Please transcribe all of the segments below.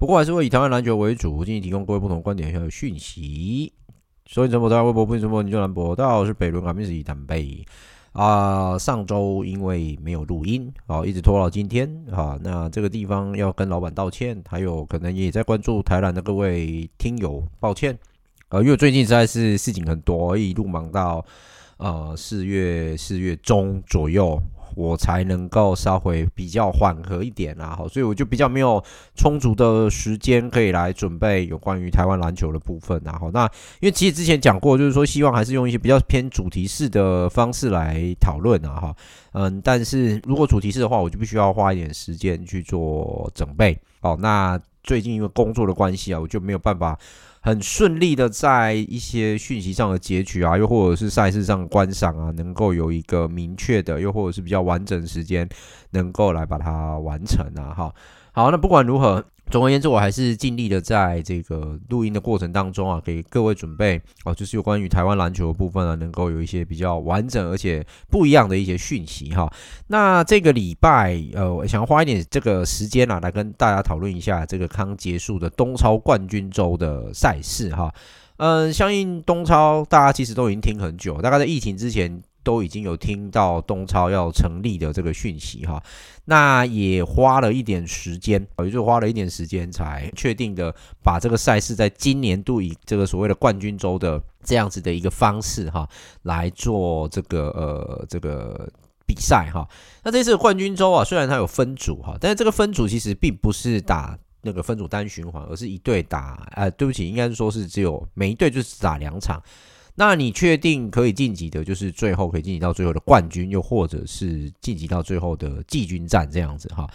不過還是會以台灣籃球為主，進行提供各位不同觀點還有訊息。所以，怎麼台灣微博、不迎陳博、你做蘭博。大家好，我是北崙港面試談貝。啊，上周因為沒有錄音，啊、哦，一直拖到今天，啊，那這個地方要跟老闆道歉，還有可能也在關注台灣的各位聽友，抱歉。呃，因為最近實在是事情很多，一路忙到，呃，四月，四月中左右。我才能夠稍微比較緩和一點啊，好，所以我就比較沒有充足的時間可以來準備有關於台灣籃球的部分，然後那因為其實之前講過，就是說希望還是用一些比較偏主題式的方式來討論啊，哈，嗯，但是如果主題式的話，我就必須要花一點時間去做準備，好，那最近因為工作的關係啊，我就沒有辦法。很順利的在一些訊息上的截取啊，又或者是賽事上觀賞啊，能夠有一個明確的，又或者是比較完整的時間，能夠來把它完成啊。哈，好，那不管如何。總而言之，我還是盡力的在這個錄音的過程當中啊，給各位準備哦、啊，就是有關於台灣籃球的部分啊，能夠有一些比較完整而且不一樣的一些訊息哈。那這個禮拜，呃，我想花一點這個時間啊，來跟大家討論一下這個剛結束的東超冠軍周的賽事哈。嗯，相信東超大家其實都已經聽很久，大概在疫情之前。都已經有聽到東超要成立的這個訊息哈，那也花了一點時間，也就是花了一點時間才確定的把這個賽事在今年度以這個所謂的冠軍週的這樣子的一個方式哈，來做這個呃這個比賽哈。那這次冠軍週啊，雖然它有分組哈，但是這個分組其實並不是打那個分組單循環，而是一隊打，呃，對不起，應該說是只有每一隊就是打兩場。那你確定可以晉級的，就是最後可以晉級到最後的冠軍，又或者是晉級到最後的季軍戰這樣子哈。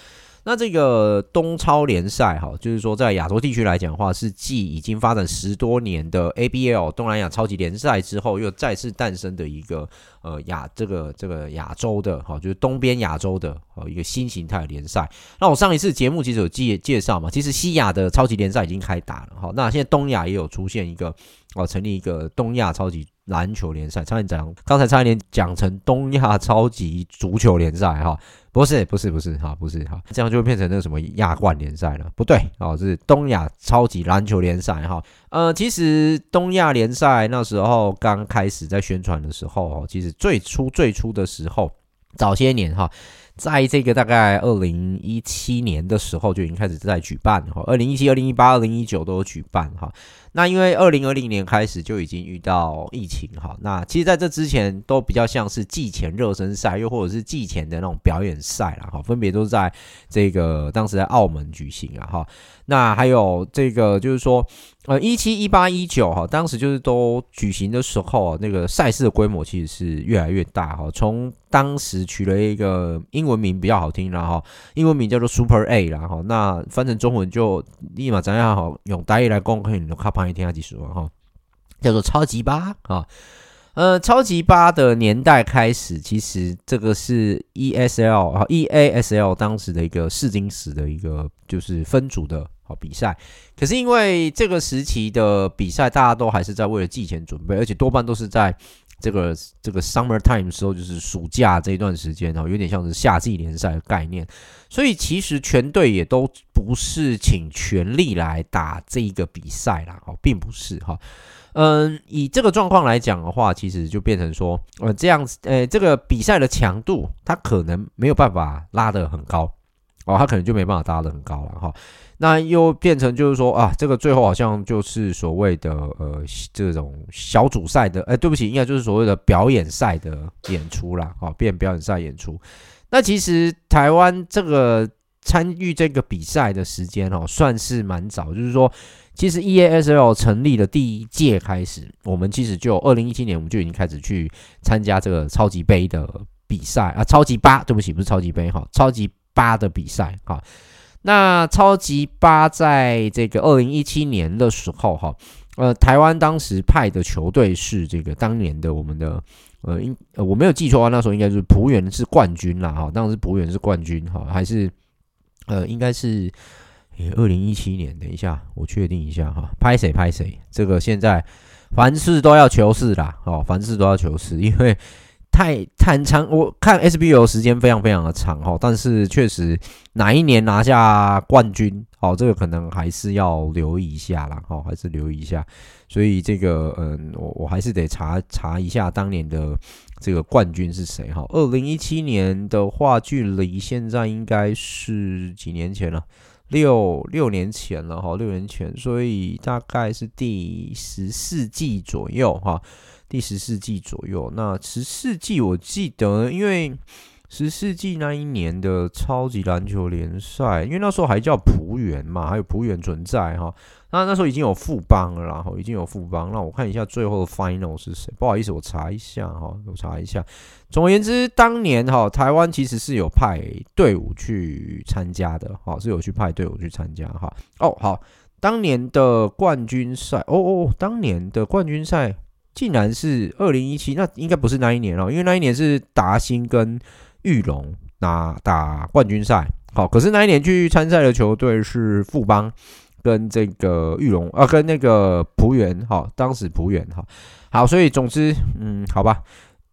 那這個東超聯賽哈，就是說在亞洲地區來講的話，是繼已經發展十多年的 ABL 東南亞超級聯賽之後，又再次誕生的一個呃亞這個這個亞洲的哈，就是東邊亞洲的哈一個新形態聯賽。那我上一次節目其實有介介紹嘛，其實西亞的超級聯賽已經開打了哈，那現在東亞也有出現一個哦，成立一個東亞超級。籃球聯賽，差點講，剛才差點講成東亞超級足球聯賽哈，不是，不是，不是哈，不是哈，這樣就會變成那個什麼亞冠聯賽了，不對哦，是東亞超級籃球聯賽哈。呃，其實東亞聯賽那時候剛開始在宣傳的時候，其實最初最初的時候，早些年哈。在這個大概二零一七年的時候就已經開始在舉辦了哈，二零一七、二零一八、二零一九都有舉辦哈。那因為二零二零年開始就已經遇到疫情哈。那其實在這之前都比較像是季前熱身賽，又或者是季前的那種表演賽了哈。分別都是在這個當時在澳門舉行啊哈。那還有這個就是說，呃，一七、一八、一九哈，當時就是都舉行的時候，那個賽事的規模其實是越來越大哈。從當時取了一個英。英文名比較好聽，然後英文名叫做 Super A，然後那翻成中文就立馬怎樣好，用台語來說，你就靠旁人聽他幾說哈，叫做超級八啊，呃，超級八的年代開始，其實這個是 ESL 啊，E A S L 當時的一個試金石的一個就是分組的好比賽，可是因為這個時期的比賽，大家都還是在為了季前準備，而且多半都是在。這個這個 summer time 時候就是暑假這一段時間哦，有點像是夏季聯賽的概念，所以其實全隊也都不是傾全力來打這一個比賽啦，哦，並不是哈、哦，嗯，以這個狀況來講的話，其實就變成說，呃，這樣子，呃，這個比賽的強度，它可能沒有辦法拉得很高。哦，他可能就沒辦法搭得很高了哈，那又變成就是說啊，這個最後好像就是所謂的呃這種小組賽的，哎，對不起，應該就是所謂的表演賽的演出啦。哈，變表演賽演出。那其實台灣這個參與這個比賽的時間哦，算是蠻早，就是說其實 EASL 成立的第一屆開始，我們其實就二零一七年我們就已經開始去參加這個超級盃的比賽啊，超級八，對不起，不是超級盃哈，超級。八的比賽哈，那超級八在這個二零一七年的時候哈，呃，台灣當時派的球隊是這個當年的我們的呃，應、呃、我沒有記錯啊，那時候應該是璞園是冠軍啦哈，當時璞園是冠軍哈，還是呃，應該是二零一七年，等一下我確定一下哈，派誰派誰，這個現在凡事都要求是啦，哦，凡事都要求是因為。太太長，我看 SBL 時間非常非常的長哈，但是確實哪一年拿下冠軍，哦，這個可能還是要留意一下啦。哈，還是留意一下。所以這個，嗯，我我還是得查查一下當年的這個冠軍是誰哈。二零一七年的話，距離現在應該是幾年前了？六六年前了哈，六年前，所以大概是第十四季左右哈。第十四季左右，那十四季，我記得，因為十四季那一年的超級籃球聯賽，因為那時候還叫璞園嘛，還有璞園存在哈。那那時候已經有富邦了啦，然後已經有富邦。那我看一下最後的 final 是誰？不好意思，我查一下哈，我查一下。總而言之，當年哈，台灣其實是有派隊伍去參加的，哈，是有去派隊伍去參加哈。哦，好，當年的冠軍賽，哦哦，當年的冠軍賽。竟然是二零一七，那應該不是那一年哦、喔，因為那一年是達欣跟裕隆拿、啊、打冠軍賽。好，可是那一年去參賽的球隊是富邦跟這個裕隆，呃、啊，跟那個璞園。好，當時璞園。好，好，所以總之，嗯，好吧，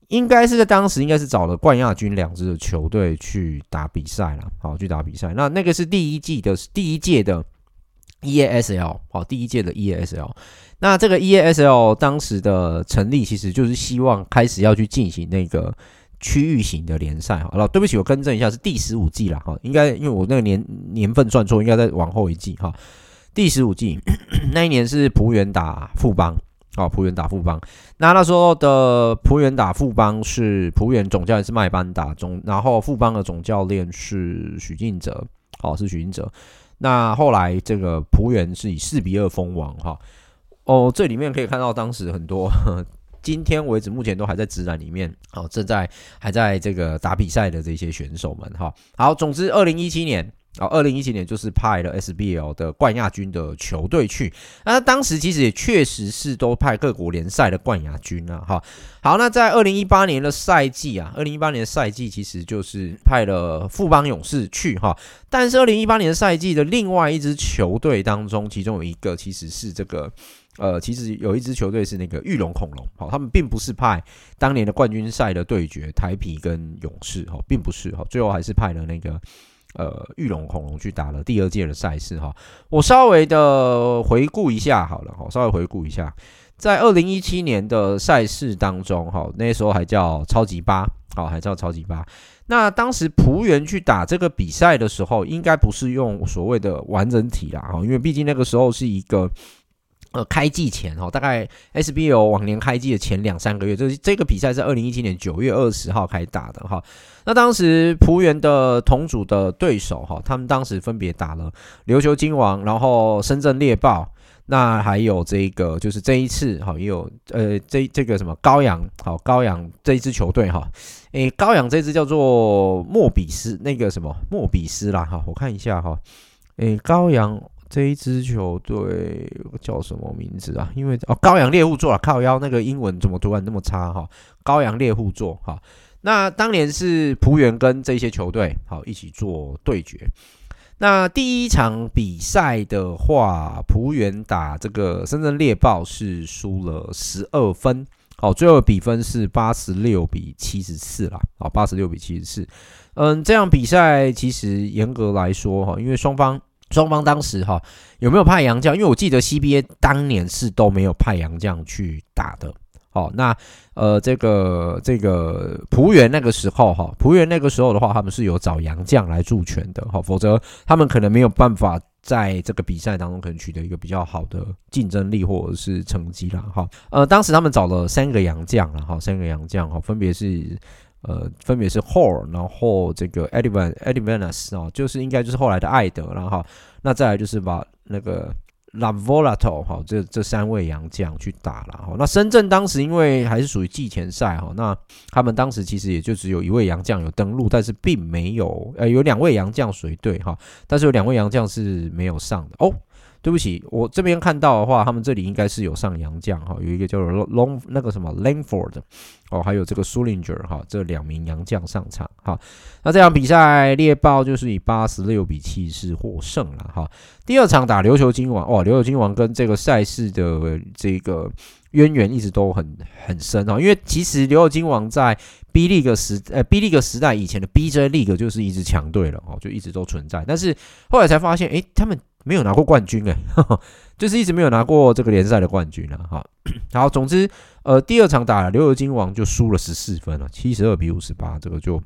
應該是在當時應該是找了冠亞軍兩支的球隊去打比賽了。好，去打比賽。那那個是第一季的第一屆的 E A S L。好，第一屆的 E A S L。那這個 E A S L 當時的成立，其實就是希望開始要去進行那個區域型的聯賽哈。好，對不起，我更正一下，是第十五季了哈。應該因為我那個年年份算錯，應該再往後一季哈。第十五季那一年是璞園打富邦，哦，璞園打富邦。那那時候的璞園打富邦是璞園總教練是麥班達總，然後富邦的總教練是許晉哲。哦，是許晉哲。那後來這個璞園是以四比二封王哈。哦，oh, 這裡面可以看到當時很多，呵今天為止目前都還在職籃裡面，哦，正在還在這個打比賽的這些選手們，哈、哦，好，總之2017，二零一七年啊，二零一七年就是派了 SBL 的冠亞軍的球隊去，那當時其實也確實是都派各國聯賽的冠亞軍啊，哈、哦，好，那在二零一八年的賽季啊，二零一八年的賽季其實就是派了富邦勇士去，哈、哦，但是二零一八年的賽季的另外一支球隊當中，其中有一個其實是這個。呃，其實有一支球隊是那個裕隆恐龍，好、哦，他們並不是派當年的冠軍賽的對決，台啤跟勇士，哈、哦，並不是，哈、哦，最後還是派了那個呃裕隆恐龍去打了第二屆的賽事，哈、哦。我稍微的回顧一下，好了，哈、哦，稍微回顧一下，在二零一七年的賽事當中，哈、哦，那時候還叫超級八，好，還叫超級八。那當時璞園去打這個比賽的時候，應該不是用所謂的完整體啦，哈、哦，因為畢竟那個時候是一個。呃，開季前哈、哦，大概 SBL 往年開季的前兩三個月，就是這個比賽是二零一七年九月二十號開打的哈。那當時璞園的同組的對手哈，他們當時分別打了琉球金王，然後深圳獵豹，那還有這個就是這一次哈，也有呃這這個什麼高陽哈，高陽這一支球隊哈，誒高陽這一支叫做莫比斯那個什麼莫比斯啦哈，我看一下哈，誒高陽。這一支球隊叫什麼名字啊？因為哦，高陽獵戶座啊，靠腰那個英文怎麼突然那麼差哈、哦？高陽獵戶座哈、哦。那當年是璞園跟這些球隊好、哦、一起做對決。那第一場比賽的話，璞園打這個深圳獵豹是輸了十二分，好、哦，最後的比分是八十六比七十四啦，好、哦，八十六比七十四。嗯，這樣比賽其實嚴格來說哈、哦，因為雙方。雙方當時哈、哦，有沒有派洋將？因為我記得 CBA 當年是都沒有派洋將去打的。好、哦，那呃這個這個璞園那個時候哈，璞，哦、園那個時候的話，他們是有找洋將來助拳的哈、哦，否則他們可能沒有辦法在這個比賽當中可能取得一個比較好的競爭力或者是成績了哈。呃，當時他們找了三個洋將了哈，三個洋將哈、哦，分別是。呃，分別是 Hall 然後這個 Edwin Edivenes 哦，就是應該就是後來的艾德。然後那再來就是把那個 Lavolato 哈、哦，這這三位洋將去打了哈。那深圳當時因為還是屬於季前賽哈、哦，那他們當時其實也就只有一位洋將有登陸，但是並沒有呃，有兩位洋將隨隊哈，但是有兩位洋將是沒有上的哦。對不起，我這邊看到的話，他們這裡應該是有上洋將哈，有一個叫做龍那個什麼 Langford 哦，還有這個 Sullinger 哈、哦，這兩名洋將上場哈、哦。那這場比賽獵豹就是以八十六比七十獲勝了哈、哦。第二場打琉球金王，哇，琉球金王跟這個賽事的這個淵源一直都很很深哈、哦，因為其實琉球金王在 B League 時呃、欸、B League 時代以前的 BJ League 就是一支強隊了哦，就一直都存在，但是後來才發現誒、欸，他們。沒有拿過冠軍哎， 就是一直沒有拿過這個聯賽的冠軍了、啊、哈。 好，總之，呃，第二場打了琉球金王就輸了十四分啊，七十二比五十八，這個就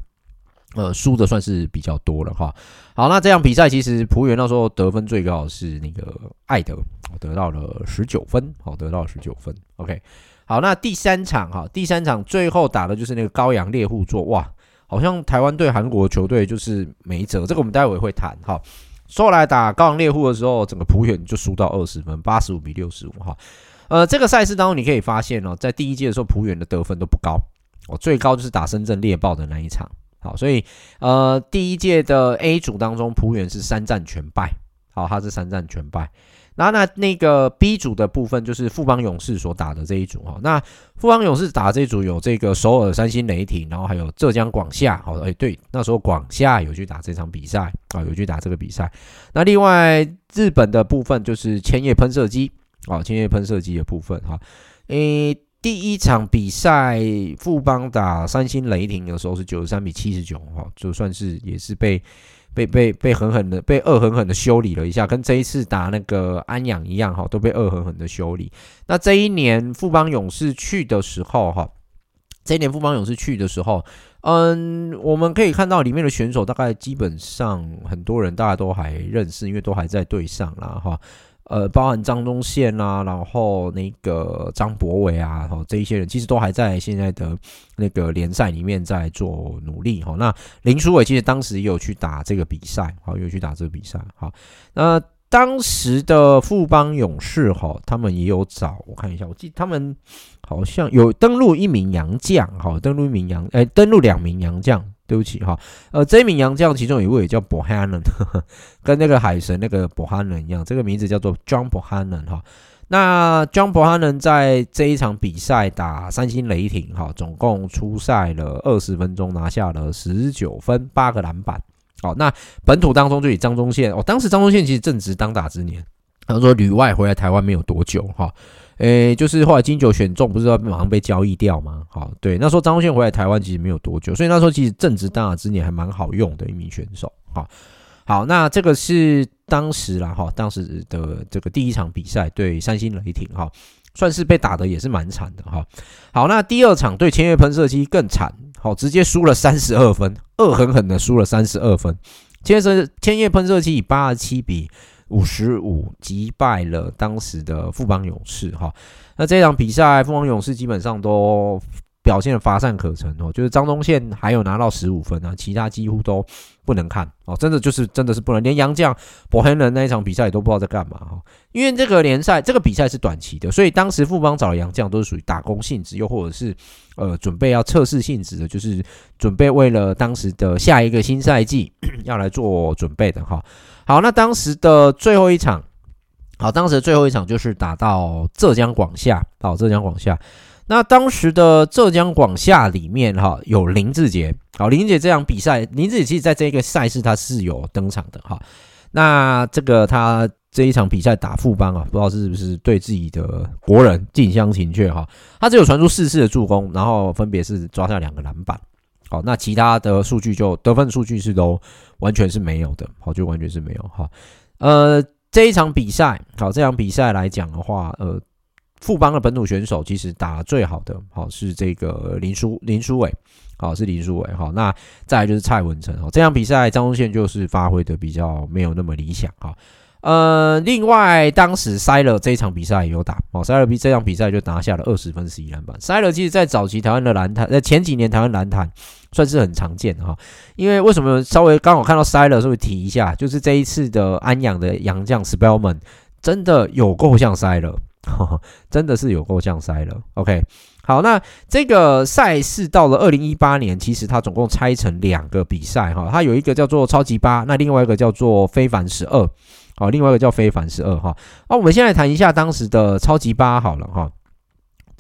呃輸的算是比較多了哈。好，那這樣比賽其實朴元那時候得分最高是那個艾德，得到了十九分，好，得到了十九分。OK，好，那第三場哈，第三場最後打的就是那個高陽獵戶座，哇，好像台灣對韓國球隊就是沒轍，這個我們待會會談哈。說來打高陽獵戶的時候，整個璞園就輸到二十分，八十五比六十五哈。呃，這個賽事當中你可以發現哦，在第一屆的時候璞園的得分都不高，我最高就是打深圳獵豹的那一場。好，所以呃第一屆的 A 組當中，璞園是三戰全敗，好，他是三戰全敗。那那那個 B 組的部分就是富邦勇士所打的這一組哈、哦，那富邦勇士打這一組有這個首爾三星雷霆，然後還有浙江廣廈，好，誒對，那時候廣廈有去打這場比賽啊、哦，有去打這個比賽。那另外日本的部分就是千葉噴射機啊、哦，千葉噴射機的部分哈，誒，第一場比賽富邦打三星雷霆的時候是九十三比七十九哈，就算是也是被。被被被狠狠的被惡狠狠的修理了一下，跟這一次打那個安陽一樣哈，都被惡狠狠的修理。那這一年富邦勇士去的時候哈，這一年富邦勇士去的時候，嗯，我們可以看到裡面的選手，大概基本上很多人大家都還認識，因為都還在隊上啦。哈。呃，包含張宗憲啊，然後那個張柏維啊，然這一些人其實都還在現在的那個聯賽裡面在做努力哈。那林書偉其實當時也有去打這個比賽，好，有去打這個比賽哈。那當時的富邦勇士哈，他們也有找，我看一下，我記得他們好像有登錄一名洋將哈，登錄一名洋，哎、欸，登錄兩名洋將。對不起哈，呃，這名洋將其中有一位也叫 Bohannon 呵呵，跟那個海神那個 Bohannon 一樣，這個名字叫做 John Bohannon，哦、哈。那 John Bohannon 在這一場比賽打三星雷霆哈、哦，總共出賽了二十分鐘，拿下了十九分八個籃板。好、哦，那本土當中就以張宗憲，哦，當時張宗憲其實正值當打之年，他說旅外回來台灣沒有多久哈。哦誒、欸，就是後來金酒選中，不是要馬上被交易掉嗎？好，對，那時候張宗憲回來台灣其實沒有多久，所以那時候其實正值當打之年，還蠻好用的一名選手。好，好，那這個是當時啦，哈，當時的這個第一場比賽對三星雷霆，哈，算是被打得也是蠻慘的，哈。好，那第二場對千葉噴射機更慘，好，直接輸了三十二分，惡狠狠的輸了三十二分。千葉千葉噴射機以八十七比五十五擊敗了當時的富邦勇士，哈、哦，那這場比賽富邦勇士基本上都表現的乏善可陳哦，就是張東憲還有拿到十五分啊，其他幾乎都不能看哦，真的就是真的是不能，連洋將、伯黑人那一場比賽也都不知道在幹嘛哦，因為這個聯賽這個比賽是短期的，所以當時富邦找洋將，都是屬於打工性質，又或者是呃準備要測試性質的，就是準備為了當時的下一個新賽季 要來做準備的哈。哦好，那當時的最後一場，好，當時的最後一場就是打到浙江廣廈，好，浙江廣廈。那當時的浙江廣廈裡面哈，有林志杰，好，林志杰這場比賽，林志杰其實在這個賽事他是有登場的哈。那這個他這一場比賽打富邦啊，不知道是不是對自己的國人近鄉情怯哈，他只有傳出四次的助攻，然後分別是抓下兩個籃板。好，那其他的數據就得分數據是都完全是沒有的，好，就完全是沒有哈。呃，這一場比賽，好，這場比賽來講的話，呃，富邦的本土選手其實打得最好的好是這個林書林書緯，好是林書緯哈。那再來就是蔡文誠哈，這場比賽張宗憲就是發揮的比較沒有那麼理想哈。好呃、嗯，另外，當時塞勒這一場比賽也有打，哦，塞勒比這場比賽就拿下了二十分十一籃板。塞勒其實，在早期台灣的籃壇，在前幾年台灣籃壇算是很常見哈，哦。因為為什麼稍微剛好看到塞勒，是不是提一下，就是這一次的安養的洋將 Spellman 真的有夠像塞勒，真的是有夠像塞勒。OK，好，那這個賽事到了二零一八年，其實它總共拆成兩個比賽哈，哦，它有一個叫做超級八，那另外一個叫做非凡十二。好，另外一個叫非凡十二哈。好，好，我們先來談一下當時的超級八好了哈。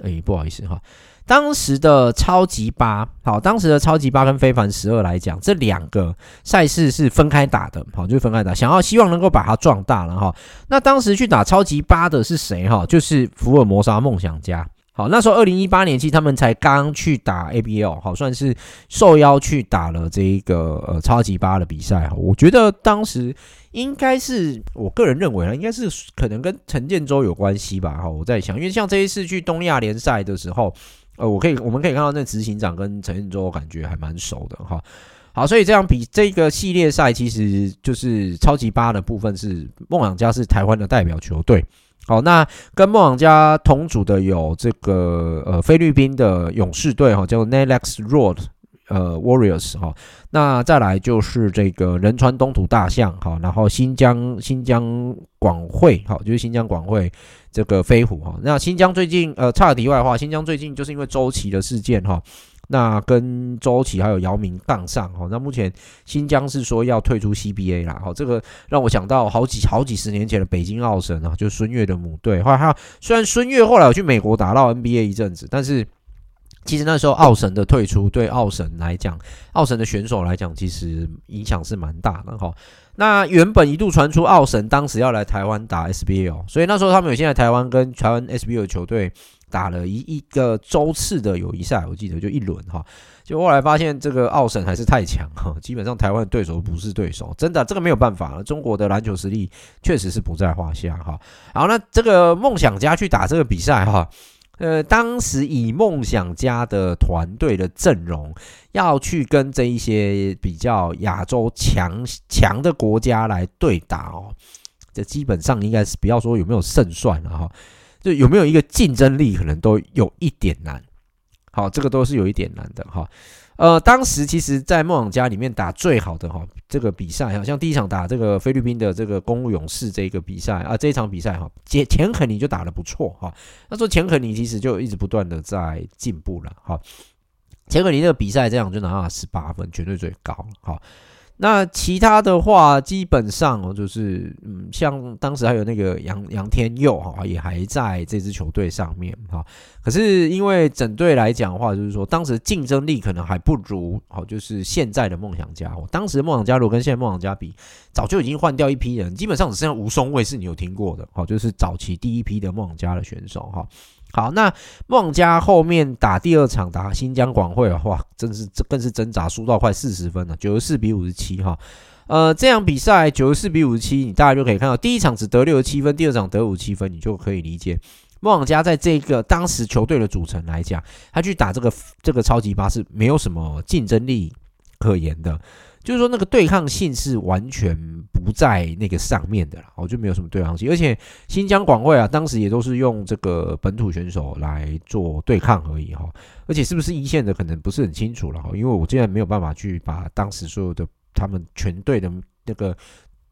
誒，不好意思哈，當時的超級八好，當時的超級八跟非凡十二來講，這兩個賽事是分開打的，好，就分開打。想要希望能夠把它壯大了哈。那當時去打超級八的是誰哈？就是福爾摩沙夢想家。好，那時候二零一八年其實他們才剛去打 ABL，好，算是受邀去打了這一個呃超級八的比賽哈。我覺得當時應該是我個人認為啊，應該是可能跟陳建州有關係吧。哈，我在想，因為像這一次去東亞聯賽的時候，呃，我可以，我們可以看到那執行長跟陳建州感覺還蠻熟的哈。好，所以這樣比這個系列賽其實就是超級八的部分，是夢想家是台灣的代表球隊。好，那跟夢想家同組的有這個呃菲律賓的勇士隊哈、哦，叫 NLEX e Road 呃 Warriors 哈、哦。那再來就是這個仁川東土大象哈、哦，然後新疆新疆廣匯哈，就是新疆廣匯這個飛虎哈、哦。那新疆最近呃岔題外的話，新疆最近就是因為周琦的事件哈。哦那跟周琦還有姚明槓上哦。那目前新疆是說要退出 CBA 啦。吼，這個讓我想到好幾好幾十年前的北京奧神啊，就孫悅的母隊。後來他雖然孫悅後來有去美國打到 NBA 一陣子，但是其實那時候奧神的退出對奧神來講，奧神的選手來講，其實影響是蠻大的。吼，那原本一度傳出奧神當時要來台灣打 SBL 哦，所以那時候他們有先來台灣跟台灣 SBL 的球隊。打了一一個周次的友誼賽，我記得就一輪哈，就後來發現這個奧神還是太強哈，基本上台灣對手不是對手，真的這個沒有辦法，中國的籃球實力確實是不在話下哈。好，好，那這個夢想家去打這個比賽哈，呃，當時以夢想家的團隊的陣容要去跟這一些比較亞洲強強的國家來對打哦，這基本上應該是不要說有沒有勝算了哈。就有沒有一個競爭力，可能都有一點難。好，這個都是有一點難的哈。呃，當時其實，在夢想家裡面打最好的哈，這個比賽哈，像第一場打這個菲律賓的這個公路勇士這個比賽啊，這一場比賽哈，前前肯尼就打得不錯哈。他說前肯尼其實就一直不斷的在進步了哈。前肯尼這個比賽這樣就拿了十八分，絕對最高哈。那其他的話，基本上哦，就是嗯，像當時還有那個楊楊天佑哈，也還在這支球隊上面哈。可是因為整隊來講的話，就是說當時競爭力可能還不如哦，就是現在的夢想家。當時的夢想家如果跟現在的夢想家比，早就已經換掉一批人，基本上只剩下吳松蔚是你有聽過的哈，就是早期第一批的夢想家的選手哈。好，那夢想家後面打第二場，打新疆廣匯的話，真是這更是掙扎，輸到快四十分了，九十四比五十七哈。呃，這樣比賽九十四比五十七，你大家就可以看到，第一場只得六十七分，第二場得五十七分，你就可以理解夢想家在這個當時球隊的組成來講，他去打這個這個超級八是沒有什麼競爭力可言的，就是說那個對抗性是完全，不在那個上面的了，我就沒有什麼對抗性。而且新疆廣匯啊，當時也都是用這個本土選手來做對抗而已哈，而且是不是一線的可能不是很清楚了哈，因為我現在沒有辦法去把當時所有的他們全隊的那個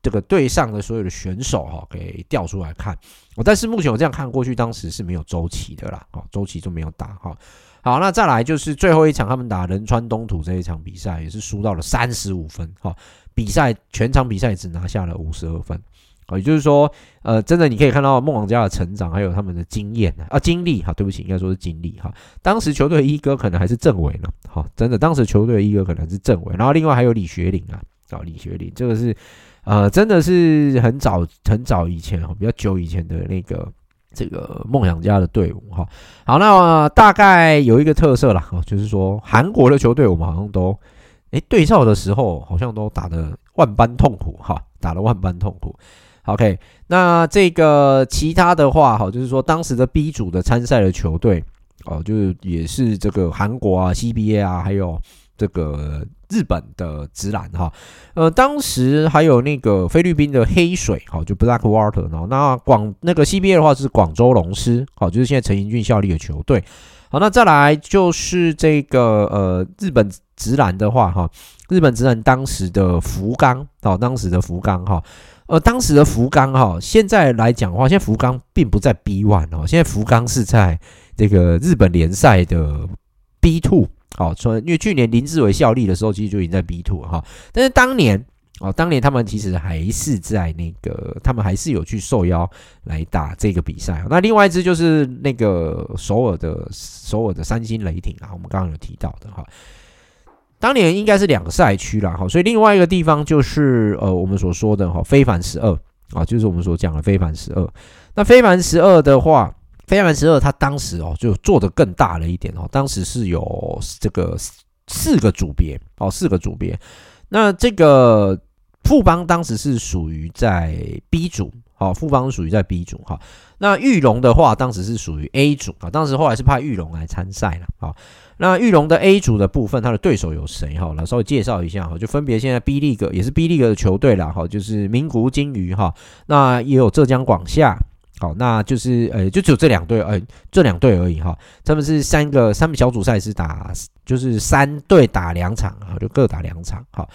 這個隊上的所有的選手哈給調出來看，我但是目前我這樣看過去，當時是沒有周琦的啦，哦，周琦就沒有打哈。好，那再來就是最後一場，他們打仁川東土這一場比賽，也是輸到了三十五分。哈、哦，比賽全場比賽只拿下了五十二分、哦。也就是說，呃，真的你可以看到夢王家的成長，還有他們的經驗啊，經歷。哈，對不起，應該說是經歷。哈，當時球隊一哥可能還是正偉呢。哈，真的，當時球隊一哥可能是正偉，然後另外還有李學林啊，啊，李學林這個是，呃，真的是很早很早以前，哈，比較久以前的那個。這個夢想家的隊伍哈好，好，那、呃、大概有一個特色了哈，就是說韓國的球隊我們好像都誒，對照的時候好像都打得萬般痛苦哈，打得萬般痛苦。OK，那這個其他的話哈，就是說當時的 B 組的參賽的球隊哦，就是也是這個韓國啊、CBA 啊，還有。這個日本的職籃哈，呃，當時還有那個菲律賓的黑水哈，就 Black Water 呢。那廣那個 CBA 的話是廣州龍獅，好，就是現在陳盈駿效力的球隊。好，那再來就是這個呃日本職籃的話哈，日本職籃當時的福岡哈，當時的福岡哈，呃，當時的福岡哈，現在來講的話，現在福岡並不在 B One 哦，現在福岡是在這個日本聯賽的 B Two。好，因為去年林志偉效力的時候，其實就已經在 B two 了哈，但是當年哦，當年他們其實還是在那個，他們還是有去受邀來打這個比賽。那另外一支就是那個首爾的首爾的三星雷霆啊，我們剛剛有提到的哈。當年應該是兩個賽區啦，哈，所以另外一個地方就是呃，我們所說的哈非凡十二啊，就是我們所講的非凡十二。那非凡十二的話。飛凡十二，他當時哦就做得更大了一點哦，當時是有這個四個組別哦，四個組別。那這個富邦當時是屬於在 B 組，好，富邦屬於在 B 組哈。那玉龍的話，當時是屬於 A 組啊，當時後來是派玉龍來參賽了啊。那玉龍的 A 組的部分，他的對手有誰哈？來稍微介紹一下哈，就分別現在 B 力哥也是 B 力哥的球隊啦哈，就是明湖金魚哈，那也有浙江廣廈。好，那就是呃、欸，就只有這兩隊，哎、欸，這兩隊而已哈。他們是三個，三個小組賽是打，就是三隊打兩場哈，就各打兩場。哈，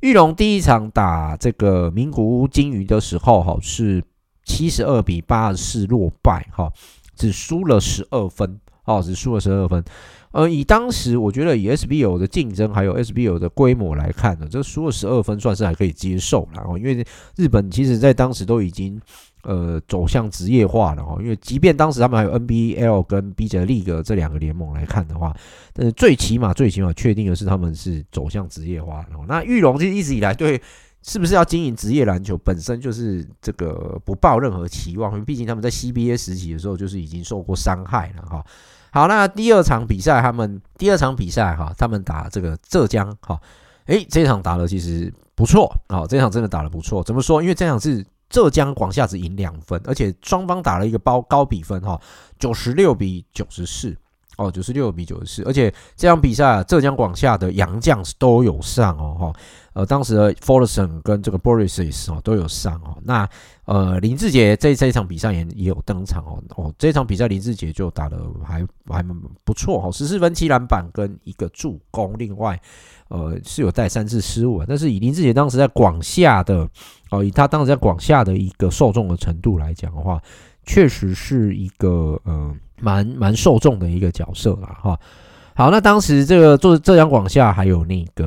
裕隆第一場打這個名古屋鯨魚的時候，哈，是七十二比八十四落敗，哈，只輸了十二分，哈，只輸了十二分。呃，以當時我覺得以 SBL 的競爭還有 SBL 的規模來看呢，這輸了十二分算是還可以接受，然後因為日本其實在當時都已經。呃，走向職業化的哈，因為即便當時他們還有 NBL 跟 B.J. u 格這兩個聯盟來看的話，但是最起碼最起碼確定的是他們是走向職業化了。那玉龍這一直以來對是不是要經營職業籃球本身就是這個不抱任何期望，因為畢竟他們在 CBA 時期的時候就是已經受過傷害了哈。好，那第二場比賽他們第二場比賽哈，他們打這個浙江哈，誒、欸，這場打的其實不錯啊，這場真的打的不錯。怎麼說？因為這場是。浙江廣廈只贏兩分，而且雙方打了一個包高比分哈，九十六比九十四哦，九十六比九十四，而且這場比賽浙江廣廈的洋將都有上哦哈。呃，當時的 Folson 跟這個 Borisis 哦都有上哦。那呃，林志傑這這一場比賽也也有登場哦。哦，這一場比賽林志傑就打得還還蠻不錯哦。十四分、七籃板跟一個助攻，另外呃是有帶三次失誤。但是以林志傑當時在廣廈的哦，以他當時在廣廈的一個受重的程度來講的話，確實是一個呃蠻蠻，蠻受重的一個角色啦哈。好，那當時這個做浙江廣廈還有那個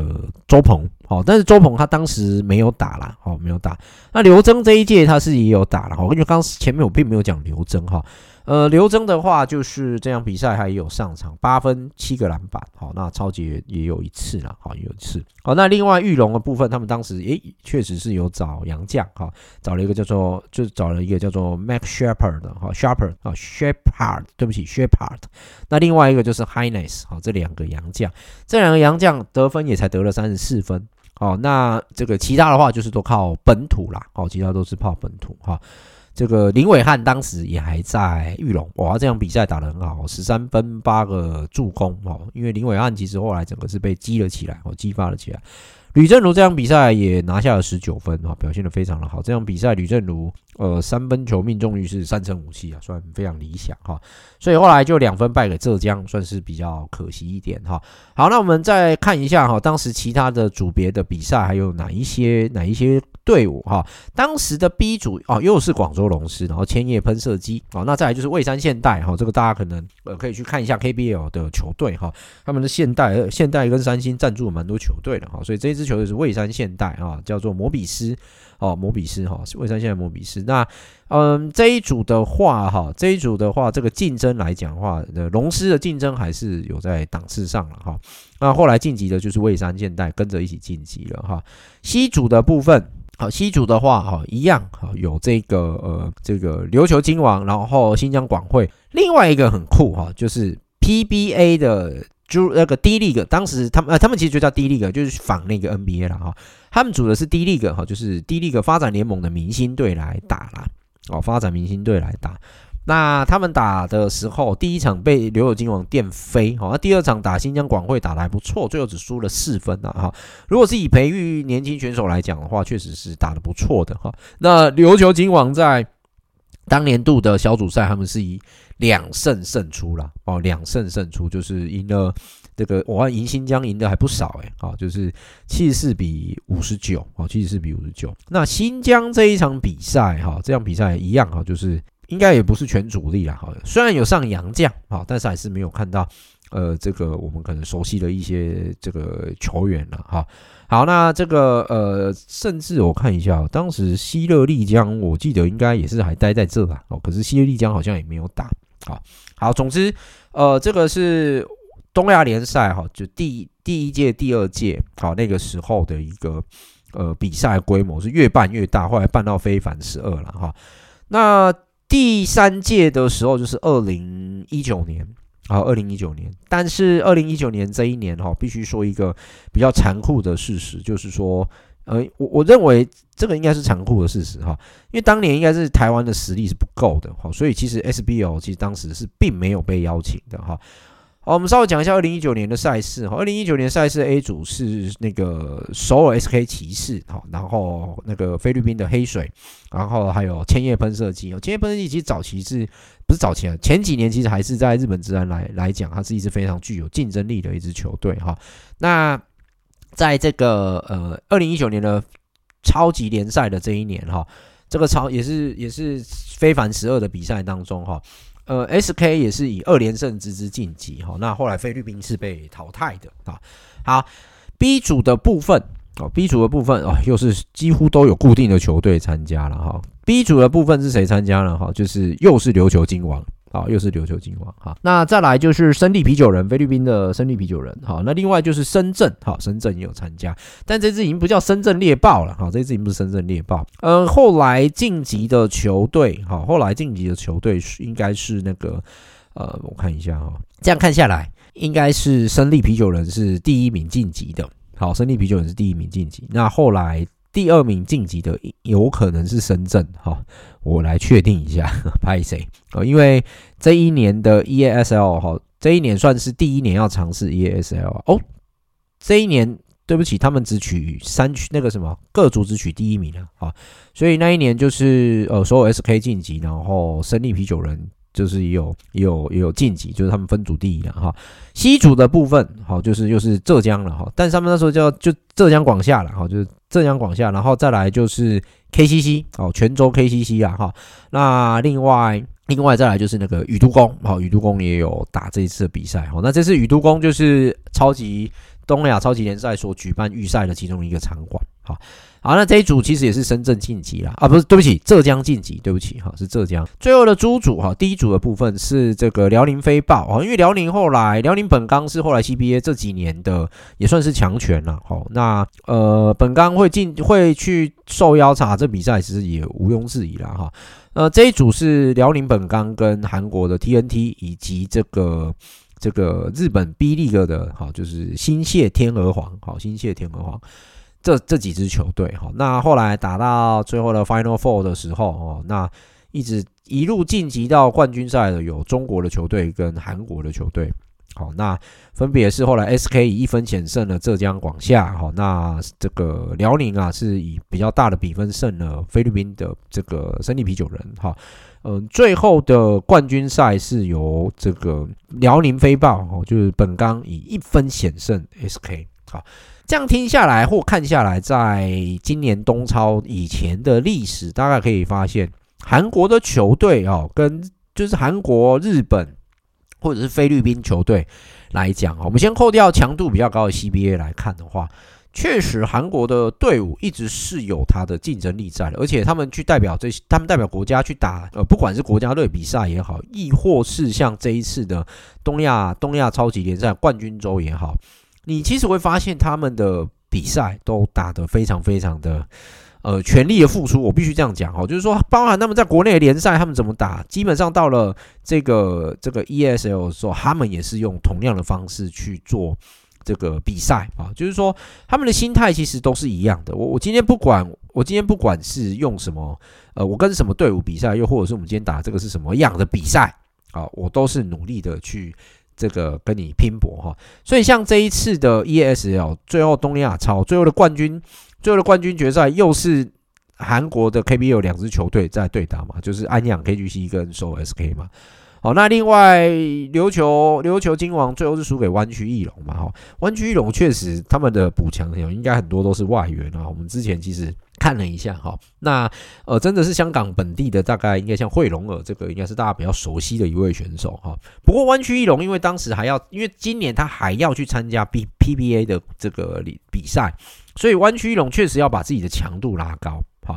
周鵬，好、哦，但是周鵬他當時沒有打啦。好、哦，沒有打。那劉錚這一屆他是也有打了，我跟你說剛剛前面我並沒有講劉錚哈。哦呃，劉錚的話就是這場比賽還有上場八分七個籃板，好，那超級也，也有一次了，好，也有一次，好，那另外玉龍的部分，他們當時誒確實是有找洋將，哈，找了一個叫做就找了一個叫做 Max Shepard 的，哈 Sharpert 啊 Sharpert 對不起 Sharpert 那另外一個就是 Highness，好，這兩個洋將，這兩個洋將得分也才得了三十四分，好，那這個其他的話就是都靠本土啦，好，其他都是靠本土，哈。這個林韋翰當時也還在裕隆哇，這場比賽打得很好，十三分八個助攻哦。因為林韋翰其實後來整個是被激了起來，哦，激發了起來。呂政儒這場比賽也拿下了十九分哈，表現得非常的好。這場比賽呂政儒呃三分球命中率是三成五七啊，算非常理想哈。所以後來就兩分敗給浙江，算是比較可惜一點哈。好，那我們再看一下哈，當時其他的組別的比賽還有哪一些哪一些隊伍哈，當時的 B 組哦，又是廣州龍獅，然後千葉噴射機哦，那再來就是蔚山現代哈，這個大家可能呃可以去看一下 KBL 的球隊哈，他們的現代現代跟三星贊助了蠻多球隊的哈，所以這一支球隊是蔚山現代啊，叫做摩比斯哦，摩比斯哈，蔚山現代摩比斯。那嗯這一組的話哈，這一組的話，這個競爭來講的話，龍獅的競爭還是有在檔次上了哈。那後來晉級的就是蔚山現代，跟着一起晉級了哈。C 組的部分。好，C 組的話，哈，一樣，哈，有這個，呃，這個琉球金王，然後新疆廣匯。另外一個很酷，哈，就是 PBA 的、D，就那個 D league，當時他們，呃，他們其實就叫 D league，就是仿那個 NBA 了、哦，哈。他們組的是 D league，哈，Le 哦、就是 D league 發展聯盟的明星隊來打啦，哦，發展明星隊來打。那他們打的時候，第一場被琉球金王電飛哈，那、哦、第二場打新疆廣匯打得還不錯，最後只輸了四分吶、啊、哈、哦。如果是以培育年輕選手來講的話，確實是打得不錯的哈、哦。那琉球金王在當年度的小組賽，他們是以兩勝勝出了哦，兩勝勝出就是贏了這個，我看贏新疆贏的還不少誒、欸。好、哦，就是七十四比五十九哦，七十四比五十九。那新疆這一場比賽哈、哦，這場比賽一樣哈、哦，就是。應該也不是全主力啦，哈，雖然有上洋將，啊，但是還是沒有看到，呃，這個我們可能熟悉的一些這個球員啦，哈，好，那這個呃，甚至我看一下，當時西熱力江，我記得應該也是還待在這吧，哦，可是西熱力江好像也沒有打，啊，好，總之，呃，這個是東亞聯賽哈，就第一第一屆、第二屆，好那個時候的一個呃比賽規模是越辦越大，後來辦到非凡十二了，哈，那。第三屆的時候就是二零一九年啊，二零一九年，但是二零一九年這一年哈，必須說一個比較殘酷的事實，就是說，呃，我我認為這個應該是殘酷的事實哈，因為當年應該是台灣的實力是不夠的哈，所以其實 SBL 其實當時是並沒有被邀請的哈。好，我們稍微講一下二零一九年的賽事哈。二零一九年賽事 A 組是那個首爾 SK 騎士哈，然後那個菲律賓的黑水，然後還有千葉噴射機。千葉噴射機其實早期是不是早期啊？前幾年其實還是在日本職籃來來講，它是一支非常具有競爭力的一支球隊哈。那在這個呃二零一九年的超級聯賽的這一年哈，這個超也是也是非凡十二的比賽當中哈。S 呃，S K 也是以二連勝之姿晉級哈，那後來菲律賓是被淘汰的啊。好，好，B 組的部分哦，B 組的部分哦，又是幾乎都有固定的球隊參加了哈。B 組的部分是誰參加了哈？就是又是琉球金王。好，又是琉球金王哈。那再來就是生力啤酒人，菲律賓的生力啤酒人。好，那另外就是深圳，好，深圳也有參加，但這次已經不叫深圳獵豹了。好，這次已經不是深圳獵豹。呃、嗯，後來晉級的球隊，好，後來晉級的球隊是應該是那個，呃，我看一下哈，這樣看下來，應該是生力啤酒人是第一名晉級的。好，生力啤酒人是第一名晉級。那後來。第二名晉級的有可能是深圳哈，我來確定一下派誰啊？因為這一年的 EASL 哈，這一年算是第一年要嘗試 EASL 哦。這一年對不起，他們只取三區那個什麼各組只取第一名了啊，所以那一年就是呃，所有 SK 晉級，然後生力啤酒人。就是也有也有也有晉級，就是他們分組第一了哈。西組的部分，好，就是又是浙江了哈。但他們那時候叫就浙江廣廈了哈，就是浙江廣廈，然後再來就是 KCC 哦，全州 KCC 啊哈。那另外另外再來就是那個宇都宮，好，宇都宮也有打這一次的比賽哈。那這次宇都宮就是超級東亞超級聯賽所舉辦預賽的其中一個場館哈。好好，那這一組其實也是深圳晉級了啊，不是，對不起，浙江晉級，對不起哈，是浙江。最後的朱組哈，第一組的部分是這個遼寧飛豹哈，因為遼寧後來遼寧本鋼是後來 CBA 這幾年的也算是強權了哈。那呃，本鋼會進會去受邀打這比賽，其實也毋庸置疑了哈。呃，這一組是遼寧本鋼跟韓國的 TNT 以及這個這個日本 B League 的哈，就是新潟天鵝皇，哈，新潟天鵝皇。這這幾支球隊哈，那後來打到最後的 Final Four 的時候哦，那一直一路晉級到冠軍賽的有中國的球隊跟韓國的球隊，好，那分別是後來 SK 以一分險勝了浙江廣廈，好，那這個遼寧啊是以比較大的比分勝了菲律賓的這個生力啤酒人，哈，嗯，最後的冠軍賽是由這個遼寧飛豹哦，就是本鋼以一分險勝 SK，好。這樣聽下來或看下來，在今年東超以前的歷史，大概可以發現，韓國的球隊哦，跟就是韓國、日本或者是菲律賓球隊來講啊，我們先扣掉強度比較高的 CBA 來看的話，確實韓國的隊伍一直是有它的競爭力在的，而且他們去代表這些，他們代表國家去打，呃，不管是國家隊比賽也好，亦或是像這一次的東亞東亞超級聯賽冠軍周也好，你其實會發現他們的比賽都打得非常非常的，呃，全力的付出。我必須這樣講哦，就是說，包含他們在國內的聯賽，他們怎麼打，基本上到了這個這個 E S L 的時候，他們也是用同樣的方式去做這個比賽啊。就是說，他們的心態其實都是一樣的。我我今天不管我今天不管是用什麼，呃，我跟什麼隊伍比賽，又或者是我們今天打這個是什麼樣的比賽啊，我都是努力的去。這個跟你拼搏哈、哦，所以像這一次的 ESL 最後東亞超最後的冠軍，最後的冠軍決賽又是韓國的 KBL 兩支球隊在對打嘛，就是安陽 KGC 跟 S O SK 嘛。好，那另外琉球琉球金王最後是輸給灣區翼龍嘛，哈，灣區翼龍確實他們的補強有應該很多都是外援啊，我們之前其實。看了一下哈，那呃，真的是香港本地的，大概應該像惠龍兒這個，應該是大家比較熟悉的一位選手哈。不過灣區一龍，因為當時還要，因為今年他還要去參加 B P, P B A 的這個比賽，所以灣區一龍確實要把自己的強度拉高哈。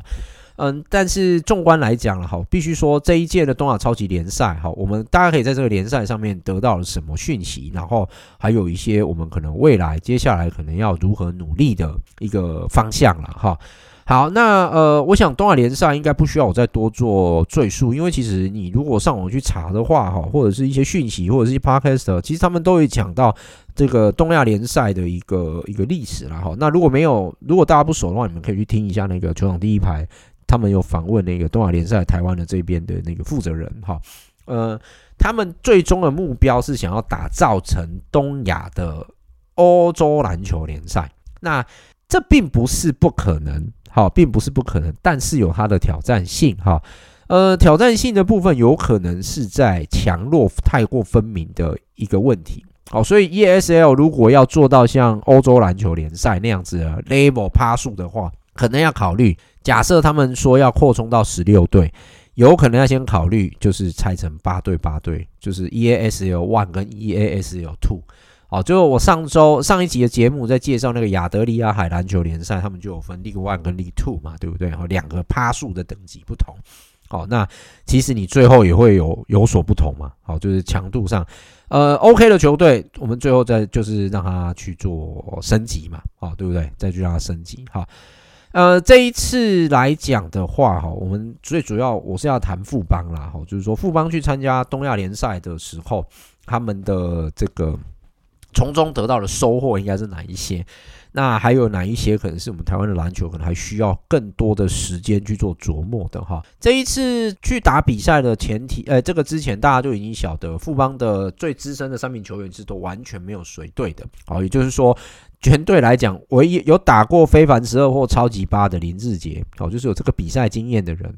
嗯，但是縱觀來講了哈，必須說這一屆的東亞超級聯賽哈，我們大家可以在這個聯賽上面得到了什麼訊息，然後還有一些我們可能未來接下來可能要如何努力的一個方向了哈。好，那呃，我想東亞聯賽應該不需要我再多做贅述，因為其實你如果上網去查的話，哈，或者是一些訊息，或者是一些 podcast，其實他們都會講到這個東亞聯賽的一個一個歷史啦，哈。那如果沒有，如果大家不熟的話，你們可以去聽一下那個球場第一排，他們有訪問那個東亞聯賽台灣的這邊的那個負責人，哈。呃，他們最終的目標是想要打造成東亞的歐洲籃球聯賽，那這並不是不可能。好，並不是不可能，但是有它的挑戰性哈，呃，挑戰性的部分有可能是在強弱太過分明的一個問題。好，所以 E A S L 如果要做到像歐洲籃球聯賽那樣子的 level 趴數的話，可能要考慮，假設他們說要擴充到十六隊，有可能要先考慮就是拆成八隊八隊，就是 E A S L One 跟 E A S L Two。好，就我上週上一集的節目在介紹那個亞德利亞海籃球聯賽，他們就有分 League One 跟 League Two 嘛，對不對？哈，兩個趴數的等級不同。好，那其實你最後也會有有所不同嘛。好，就是強度上，呃，OK 的球隊，我們最後再就是讓他去做升級嘛。好，對不對？再去讓他升級。好，呃，這一次來講的話，哈，我們最主要我是要談富邦啦。哈，就是說富邦去參加東亞聯賽的時候，他們的這個。從中得到的收穫應該是哪一些？那還有哪一些可能是我們台灣的籃球可能還需要更多的時間去做琢磨的哈？這一次去打比賽的前提，呃、哎，這個之前大家就已經曉得，富邦的最資深的三名球員是都完全沒有隨隊的，好，也就是說全隊來講，唯一有打過非凡十二或超級八的林志杰，好，就是有這個比賽經驗的人。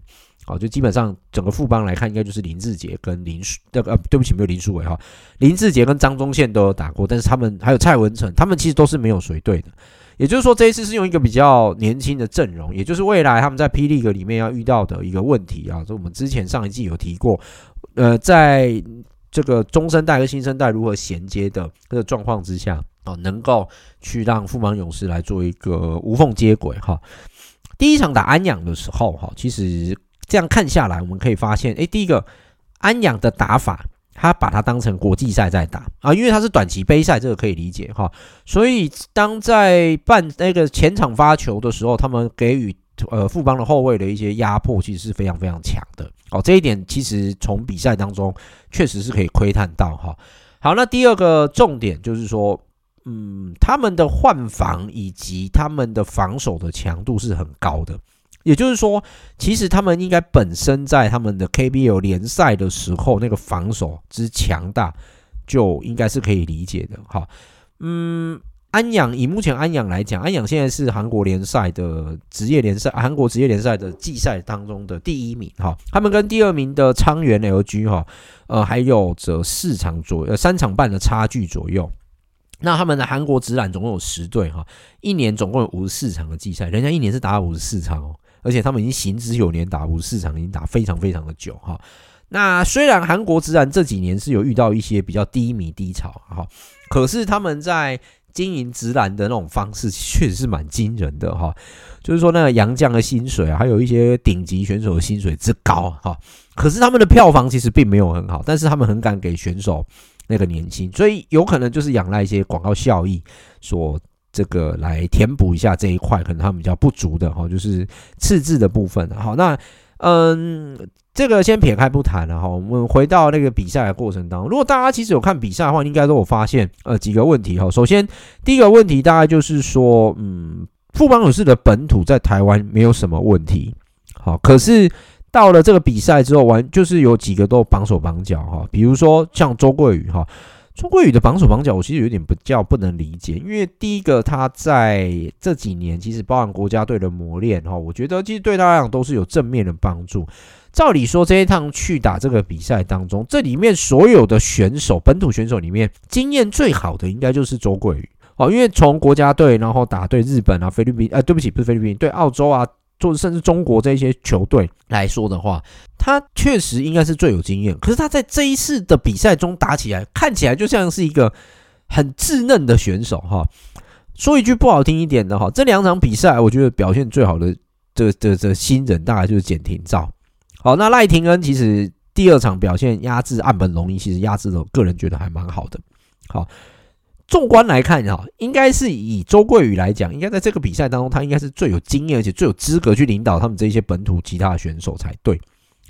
好，就基本上整個富邦來看，應該就是林志傑跟林樹，那、呃、個對不起，沒有林書緯哈，林志傑跟張宗憲都有打過，但是他們還有蔡文成，他們其實都是沒有隨隊的。也就是說，這一次是用一個比較年輕的陣容，也就是未來他們在 P League 裡面要遇到的一個問題啊，就我們之前上一季有提過，呃，在這個中生代和新生代如何銜接的這個狀況之下啊，能夠去讓富邦勇士來做一個無縫接軌哈、啊。第一場打安養的時候哈、啊，其實。這樣看下來，我們可以發現，哎，第一個，安養的打法，他把它當成國際賽在打啊，因為它是短期杯賽，這個可以理解哈、哦。所以，當在辦那、這個前場發球的時候，他們給予呃富邦的後衛的一些壓迫，其實是非常非常強的。哦，這一點其實從比賽當中確實是可以窺探到哈、哦。好，那第二個重點就是說，嗯，他們的換防以及他們的防守的強度是很高的。也就是說，其實他們應該本身在他們的 KBL 聯賽的時候，那個防守之強大，就應該是可以理解的。哈，嗯，安陽以目前安陽來講，安陽現在是韓國聯賽的職業聯賽，韓國職業聯賽的季賽當中的第一名。哈，他們跟第二名的昌原 LG 哈、哦，呃，還有着四場左呃三場半的差距左右。那他們的韓國職籃總共有十隊哈，一年總共有五十四場的季賽，人家一年是打五十四場哦。而且他們已經行之有年打，打五十場，已經打非常非常的久哈。那雖然韓國職籃這幾年是有遇到一些比較低迷低潮哈，可是他們在經營職籃的那種方式確實是蠻驚人的哈。就是說，那個洋將的薪水啊，還有一些頂級選手的薪水之高哈，可是他們的票房其實並沒有很好，但是他們很敢給選手那個年薪，所以有可能就是仰賴一些廣告效益所。這個來填補一下這一塊，可能他們比較不足的哈，就是赤字的部分好，那嗯，這個先撇開不談了哈。我們回到那個比賽的過程當中，如果大家其實有看比賽的話，應該都有發現呃幾個問題哈。首先，第一個問題大概就是說，嗯，富邦勇士的本土在台灣沒有什麼問題，好，可是到了這個比賽之後，完就是有幾個都綁手綁腳哈，比如說像周桂宇哈。周桂宇的綁手綁腳，我其實有點不叫不能理解，因為第一個他在這幾年其實包含國家隊的磨練哈，我覺得其實對他來講都是有正面的幫助。照理說這一趟去打這個比賽當中，這裡面所有的選手，本土選手裡面經驗最好的應該就是周桂宇哦，因為從國家隊然後打對日本啊、菲律賓，呃，對不起，不是菲律賓，對澳洲啊。就甚至中國這些球隊來說的話，他確實應該是最有經驗。可是他在這一次的比賽中打起來，看起來就像是一個很稚嫩的選手哈。說一句不好聽一點的哈，這兩場比賽我覺得表現最好的這這這新人大概就是簡廷兆。好，那賴廷恩其實第二場表現壓制岸本隆一，其實壓制的個人覺得還蠻好的。好。縱觀來看哈，應該是以周桂宇來講，應該在這個比賽當中，他應該是最有經驗，而且最有資格去領導他們這些本土其他的選手才對。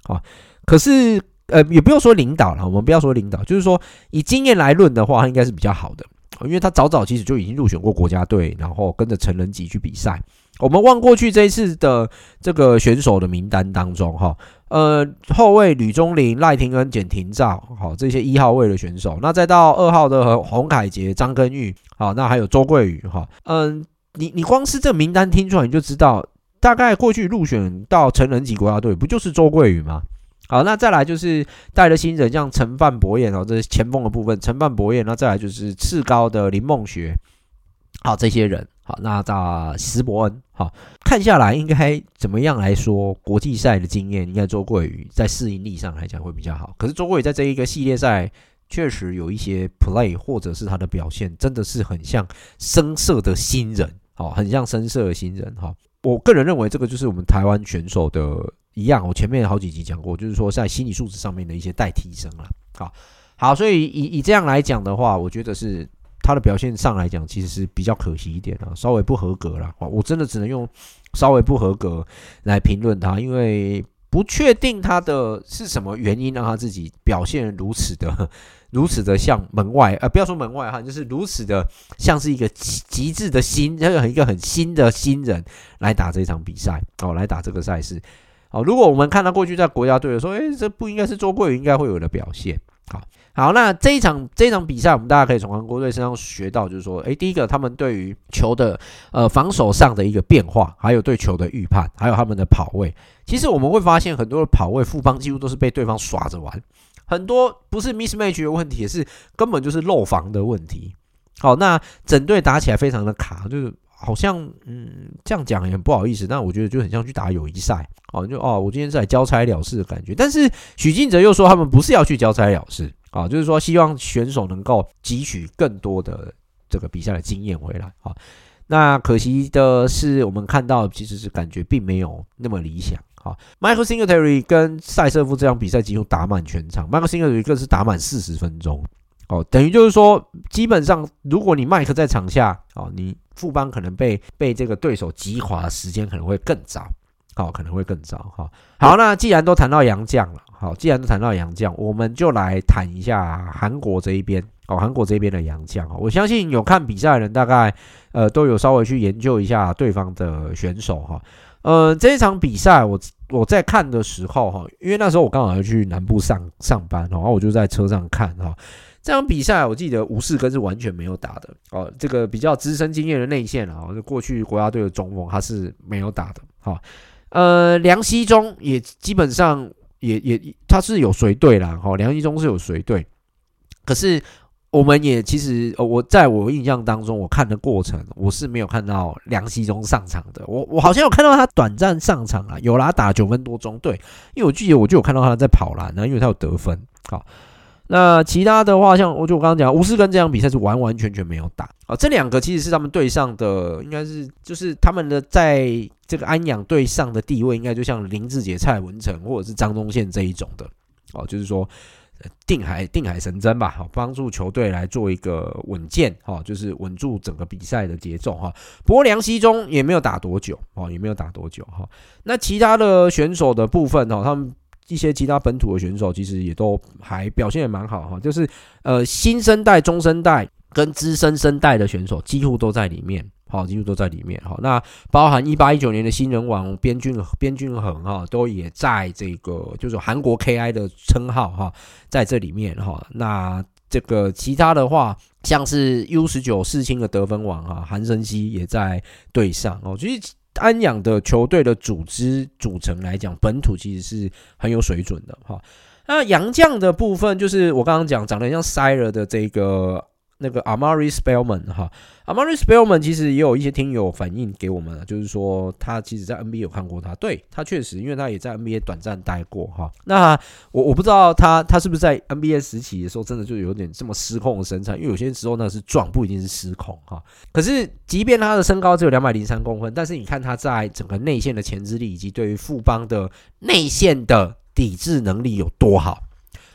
好、哦，可是呃，也不用說領導了，我們不要說領導，就是說以經驗來論的話，他應該是比較好的。因為他早早其實就已經入選過國家隊，然後跟着成人級去比賽。我們望過去這一次的這個選手的名單當中，哈，呃，後衛呂中林、賴廷恩、簡廷照，好，這些一號位的選手，那再到二號的洪凱杰、張根玉，好，那還有周桂羽，哈，嗯，你你光是這名單聽出來你就知道，大概過去入選到成人級國家隊不就是周桂羽嗎？好，那再來就是帶著新人，像陳范柏彥哦，這是前鋒的部分。陳范柏彥，那再來就是次高的林夢學。好，這些人，好，那大石伯恩，好，看下來應該怎麼樣來說？國際賽的經驗應該周桂宇在適應力上來講會比較好。可是周桂宇在這一個系列賽確實有一些 play，或者是他的表現真的是很像生澀的新人，哦，很像生澀的新人。哈，我個人認為這個就是我們台灣選手的。一樣，我前面有好幾集講過，就是說在心理素質上面的一些待提升了。好，好，所以以以這樣來講的話，我覺得是他的表現上來講，其實是比較可惜一點啊，稍微不合格了啊。我真的只能用稍微不合格來評論他，因為不確定他的是什麼原因讓他自己表現如此的如此的像門外，呃，不要說門外哈，就是如此的像是一個極致的新一個很一個很新的新人來打這場比賽哦、喔，來打這個賽事。好，如果我們看到過去在國家隊的說，誒，這不應該是做國人應該會有的表現。好好，那這一場這一場比賽，我們大家可以從韓國隊身上學到，就是說，誒第一個他們對於球的呃防守上的一個變化，還有對球的預判，還有他們的跑位。其實我們會發現，很多的跑位富邦幾乎都是被對方耍着玩，很多不是 mismatch 的問題，也是根本就是漏防的問題。好，那整隊打起來非常的卡，就是。好像嗯，這樣講也很不好意思，但我覺得就很像去打友誼賽，好、哦、就哦，我今天是來交差了事的感覺。但是許晉哲又說他們不是要去交差了事，啊、哦，就是說希望選手能夠汲取更多的這個比賽的經驗回來。啊、哦，那可惜的是，我們看到其實是感覺並沒有那麼理想。啊、哦、，Michael Singletary 跟賽瑟夫這場比賽幾乎打滿全場，Michael Singletary 更是打滿四十分鐘。哦，等於就是說，基本上，如果你麥克在場下，哦，你富邦可能被被這個對手擊垮，時間可能會更早，哦，可能會更早，哈、哦。好，那既然都談到洋將了，好，既然都談到洋將，我們就來談一下韓國這一邊，哦，韓國這邊的洋將，哦，我相信有看比賽的人，大概，呃，都有稍微去研究一下對方的選手，哈、哦，呃，這一場比賽我，我我在看的時候，哈、哦，因為那時候我剛好要去南部上上班，然、哦、後我就在車上看，哈、哦。這場比賽我記得吳世根是完全沒有打的哦，這個比較資深經驗的內線啊，就過去國家隊的中鋒他是沒有打的。哈，呃，梁希忠也基本上也也他是有隨隊啦。哈，梁希忠是有隨隊，可是我們也其實呃，我在我印象當中，我看的過程我是沒有看到梁希忠上場的。我我好像有看到他短暫上場、啊、了，有他打九分多鐘，對，因為我記得我就有看到他在跑籃，然後因為他有得分，哈。那其他的話，像我就我剛剛講吳世根這場比賽是完完全全沒有打啊，這兩個其實是他們隊上的，應該是就是他們的在這個安養隊上的地位，應該就像林志傑、蔡文誠或者是張宗憲這一種的哦，就是說定海定海神針吧，哈，幫助球隊來做一個穩健，哈，就是穩住整個比賽的節奏，哈。不過梁希忠也沒有打多久，哦，也沒有打多久，哈。那其他的選手的部分，哈，他們。一些其他本土的選手其實也都還表現也蠻好哈，就是呃新生代、中生代跟資深生代的選手幾乎都在裡面，好，幾乎都在裡面哈。那包含一八一九年的新人王邊俊、邊俊衡，哈，都也在這個就是韓國 KI 的稱號哈，在這裡面哈。那這個其他的話，像是 U 十九世青的得分王哈韓生熙也在隊上哦，其實。安陽的球隊的組織組成來講，本土其實是很有水準的哈。那洋將的部分，就是我剛剛講長得很像塞爾的這個，那個 Amari Spellman 哈，Amari Spellman 其實也有一些聽友反映給我們了，就是說他其實在 NBA 有看過他，對，他確實，因為他也在 NBA 短暫待過哈。那我我不知道他他是不是在 NBA 時期的時候真的就有點這麼失控的身材，因為有些時候那是壯，不一定是失控哈。可是，即便他的身高只有兩百零三公分，但是你看他在整個內線的牽制力，以及對於富邦的內線的抵制能力有多好。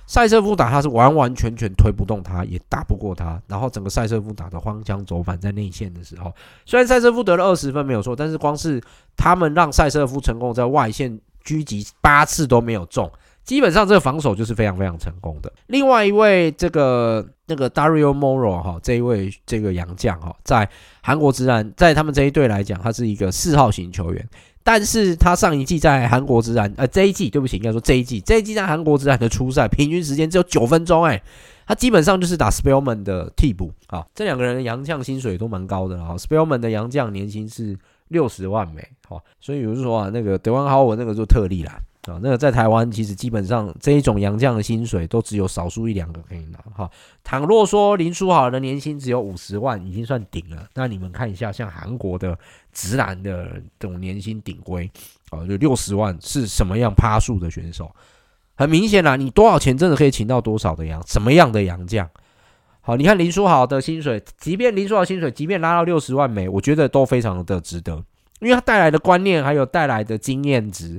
塞瑟夫打他是完完全全推不動他，他也打不過他。然後整個塞瑟夫打得荒腔走板，在內線的時候，雖然塞瑟夫得了二十分沒有錯，但是光是他們讓塞瑟夫成功在外線狙擊八次都沒有中，基本上這個防守就是非常非常成功的。另外一位這個那個 Dario Moro 哈，這一位這個洋將哈，在韓國職籃在他們這一隊來講，他是一個四號型球員。但是他上一季在韓國職籃，呃，這一季對不起，應該說這一季，這一季在韓國職籃的出賽平均時間只有九分鐘，哎，他基本上就是打 Spelman 的替補啊。這兩個人的洋將薪水都蠻高的啊，Spelman 的洋將年薪是六十萬美，好，所以比如說啊，那個德文哈文那個就特例啦。那在台灣其實基本上這一種洋將的薪水都只有少數一兩個可以拿。哈，倘若說林書豪的年薪只有五十萬，已經算頂了。那你們看一下，像韓國的直男的這種年薪頂規，哦，就六十萬是什麼樣趴數的選手？很明顯啦，你多少錢真的可以請到多少的洋，什麼樣的洋將？好，你看林書豪的薪水，即便林書豪的薪水即便拉到六十萬美，我覺得都非常的值得，因為他帶來的觀念還有帶來的經驗值。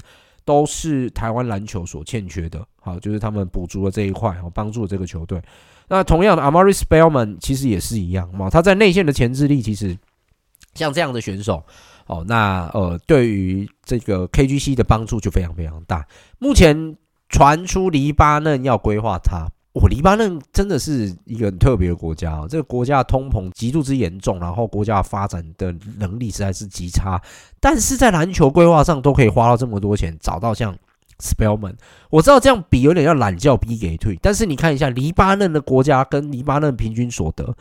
都是台灣籃球所欠缺的，好，就是他們補足了這一塊，哦，幫助了這個球隊。那同樣的，Omari Spellman 其實也是一樣嘛，他在內線的牽制力，其實像這樣的選手，哦，那呃，對於這個 KGC 的幫助就非常非常大。目前傳出黎巴嫩要歸化他。我、哦、黎巴嫩真的是一個很特別的國家、哦、這個國家的通膨極度之嚴重，然後國家發展的能力實在是極差，但是在籃球規劃上都可以花到這麼多錢，找到像 Spellman，我知道這樣比有點要懶叫比雞腿，但是你看一下黎巴嫩的國家跟黎巴嫩平均所得，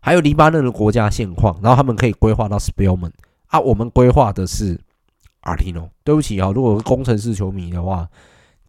還有黎巴嫩的國家現況，然後他們可以規劃到 Spellman 啊，我們規劃的是 Artino，對不起啊、哦，如果是工程師球迷的話。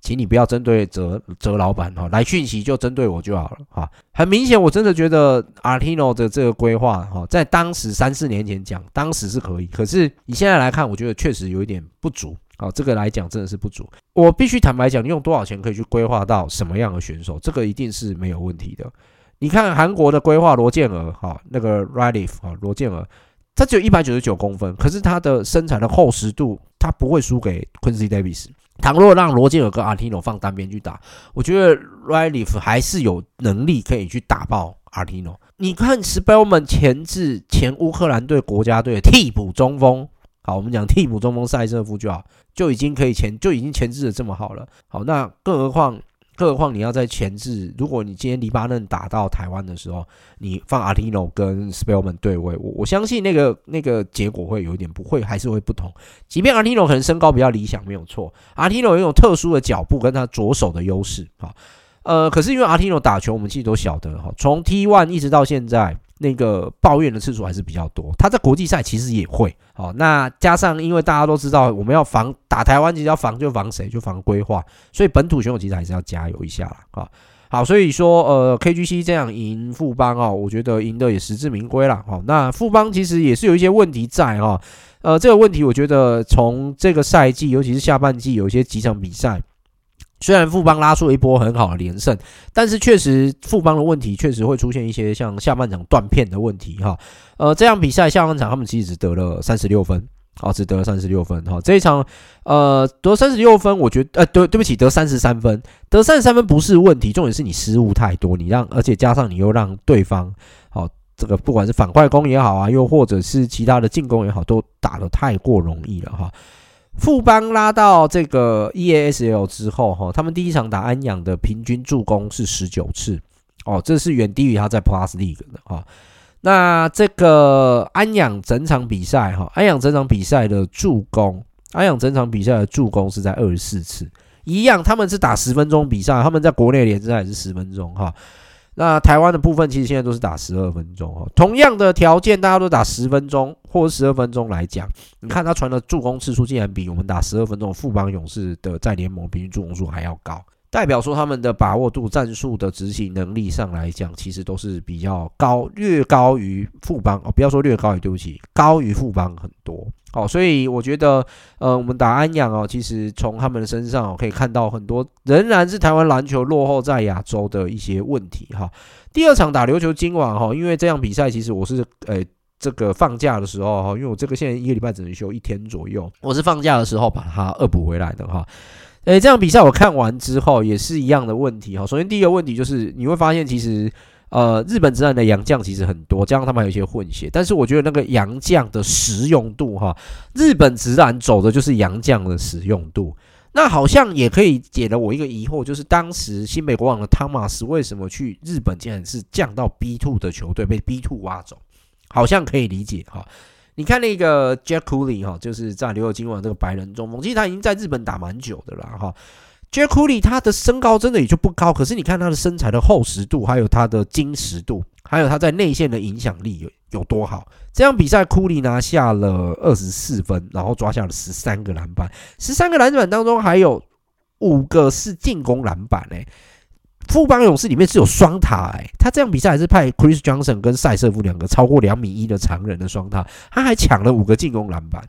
請你不要針對澤澤老闆哈，來訊息就針對我就好了哈。很明顯，我真的覺得 Artino 的這個規劃哈，在當時三四年前講，當時是可以。可是你現在來看，我覺得確實有一點不足啊。這個來講，真的是不足。我必須坦白講，你用多少錢可以去規劃到什麼樣的選手，這個一定是沒有問題的。你看韓國的規劃，羅健兒哈，那個 Ratliffe 哈，羅健兒。他只有一百九十九公分，可是他的身材的厚實度，他不會輸給 Quincy Davis。倘若讓羅金爾跟 Artino 放單邊去打，我覺得 Ratliffe 還是有能力可以去打爆 Artino。你看 Spellman 前置前烏克蘭隊國家隊的替補中鋒，好，我們講替補中鋒賽熱夫就好，就已經可以前，就已經前置得這麼好了。好，那更何況。何況你要在前置，如果你今天黎巴嫩打到台灣的時候，你放阿蒂諾跟 Spellman 對位，我我相信那個那個結果會有一點不會還是會不同。即便阿蒂諾可能身高比較理想沒有錯，阿蒂諾有一種特殊的腳步跟他左手的優勢啊，呃，可是因為阿蒂諾打球，我們其實都曉得哈，從 T one 一直到現在。那個抱怨的次數還是比較多，他在國際賽其實也會好。那加上因為大家都知道，我們要防打台灣，其實要防就防誰，就防規劃，所以本土選手其實還是要加油一下啦。啊。好，好，所以說呃，KGC 這樣贏富邦啊、哦，我覺得贏得也實至名歸了啊。那富邦其實也是有一些問題在哈、哦，呃，這個問題我覺得從這個賽季，尤其是下半季，有一些幾場比賽。雖然富邦拉出了一波很好的連勝，但是確實富邦的問題確實會出現一些像下半場斷片的問題哈、哦。呃，這樣比賽下半場他們其實只得了三十六分，啊、哦，只得了三十六分哈、哦。這一場，呃，得三十六分，我覺得，呃，對，對不起，得三十三分，得三十三分不是問題，重點是你失誤太多，你讓，而且加上你又讓對方，好、哦，這個不管是反快攻也好啊，又或者是其他的進攻也好，都打得太過容易了哈。哦富邦拉到這個 E A S L 之後，哈，他們第一場打安養的平均助攻是十九次，哦，這是遠低於他在 Plus League 的哈。那這個安養整場比賽，哈，安養整場比賽的助攻，安養整場比賽的助攻是在二十四次，一樣，他們是打十分鐘比賽，他們在國內聯賽也是十分鐘，哈。那台灣的部分其實現在都是打十二分鐘哦，同樣的條件，大家都打十分鐘或者十二分鐘來講，你看他傳的助攻次數竟然比我們打十二分鐘的富邦勇士的在聯盟平均助攻數還要高。代表說他們的把握度、戰術的執行能力上來講，其實都是比較高，略高於富邦哦。不要說略高於，對不起，高於富邦很多。好，所以我覺得，呃，我們打安陽哦，其實從他們的身上、哦、可以看到很多仍然是台灣籃球落後在亞洲的一些問題哈、哦。第二場打琉球今晚哈、哦，因為這樣比賽其實我是誒、哎，這個放假的時候哈、哦，因為我這個現在一個禮拜只能休一天左右，我是放假的時候把它惡補回來的哈、哦。哎，這場比賽我看完之後也是一樣的問題哈。首先第一個問題就是你會發現，其實呃日本職籃的洋將其實很多，加上他們還有一些混血，但是我覺得那個洋將的實用度哈，日本職籃走的就是洋將的實用度。那好像也可以解了我一個疑惑，就是當時新美國王的湯馬斯為什麼去日本，竟然是降到 B two 的球隊被 B two 挖走，好像可以理解哈。你看那個 Jack Cooley 哈，就是在琉球金王這個白人中鋒，其實他已經在日本打蠻久的了哈。Jack Cooley 他的身高真的也就不高，可是你看他的身材的厚實度，還有他的精實度，還有他在內線的影響力有有多好。這場比賽，Cooley 拿下了二十四分，然後抓下了十三個籃板，十三個籃板當中還有五個是進攻籃板嘞、欸。富邦勇士裡面是有雙塔，哎，他這樣比賽還是派 Chris Johnson 跟塞瑟夫兩個超過兩米一的長人的雙塔，他還搶了五個進攻籃板，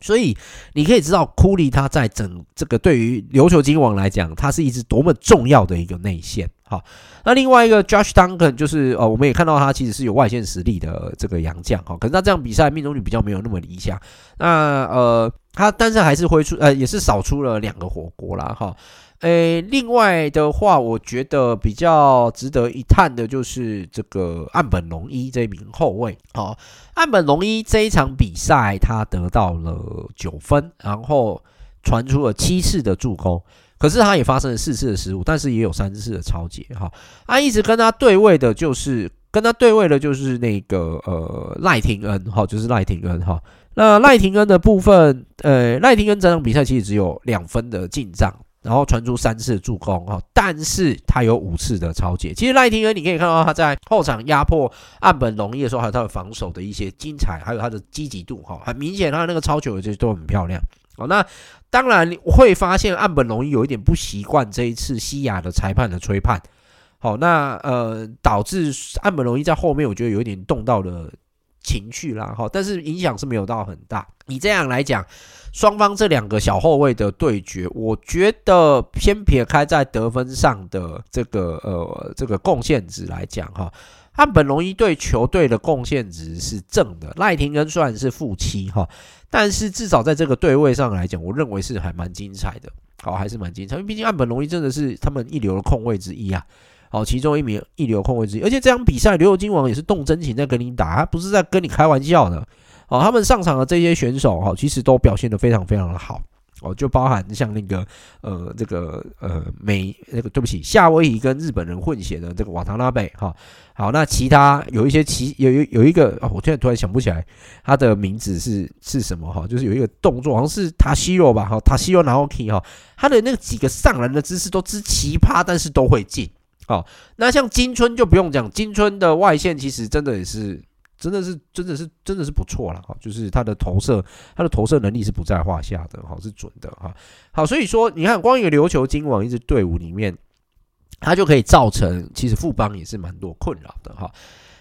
所以你可以知道庫里他在整這個對於琉球金王來講，他是一支多麼重要的一個內線。哈，那另外一個 Josh Duncan 就是哦、呃，我們也看到他其實是有外線實力的這個洋將。哈，可是他這樣比賽命中率比較沒有那麼理想。那呃，他但是還是揮出呃，也是少出了兩個火鍋啦。哈。誒，另外的話，我覺得比較值得一探的就是這個岸本龍一這一名後衛。好、哦，岸本龍一這一場比賽他得到了九分，然後傳出了七次的助攻，可是他也發生了四次的失誤，但是也有三次的抄截哈。他、哦啊、一直跟他對位的，就是跟他對位的，就是那個呃賴廷恩哈、哦，就是賴廷恩哈、哦。那賴廷恩的部分，呃，賴廷恩這場比賽其實只有兩分的進賬。然後傳出三次助攻哈，但是他有五次的抄截。其實賴廷恩，你可以看到他在後場壓迫岸本龍一的時候，還有他的防守的一些精彩，還有他的積極度哈，很明顯他的那個抄球有些都很漂亮哦。那當然會發現岸本龍一有一點不習慣這一次西亞的裁判的吹判，好，那呃導致岸本龍一在後面我覺得有一點動到了情緒啦哈，但是影響是沒有到很大。以這樣來講，雙方這兩個小後衛的對決，我覺得偏撇開在得分上的這個呃這個貢獻值來講哈，岸本隆一對球隊的貢獻值是正的，賴廷恩雖然是負七哈，但是至少在這個對位上來講，我認為是還蠻精彩的。好，還是蠻精彩，因為畢竟岸本隆一真的是他們一流的控衛之一啊。好，其中一名一流控衛之一，而且這場比賽琉球金王也是動真情在跟你打，他不是在跟你開玩笑的。好，他們上場的這些選手哈，其實都表現得非常非常的好哦，就包含像那個呃，這個呃美那個對不起，夏威夷跟日本人混血的這個瓦塔納貝哈，好，好，那其他有一些奇有，有有一個啊，我現在突然想不起來他的名字是是什麼哈，就是有一個動作好像是塔西洛吧哈，塔西洛然後 key 哈，他的那幾個上籃的姿勢都之奇葩，但是都會進。哦，那像今村就不用講，今村的外線其實真的也是。真的是，真的是，真的是不錯了哈，就是他的投射，他的投射能力是不在話下的哈，是準的哈。好，所以說你看，光一個琉球金王一支隊伍裡面，他就可以造成其實富邦也是蠻多困擾的哈。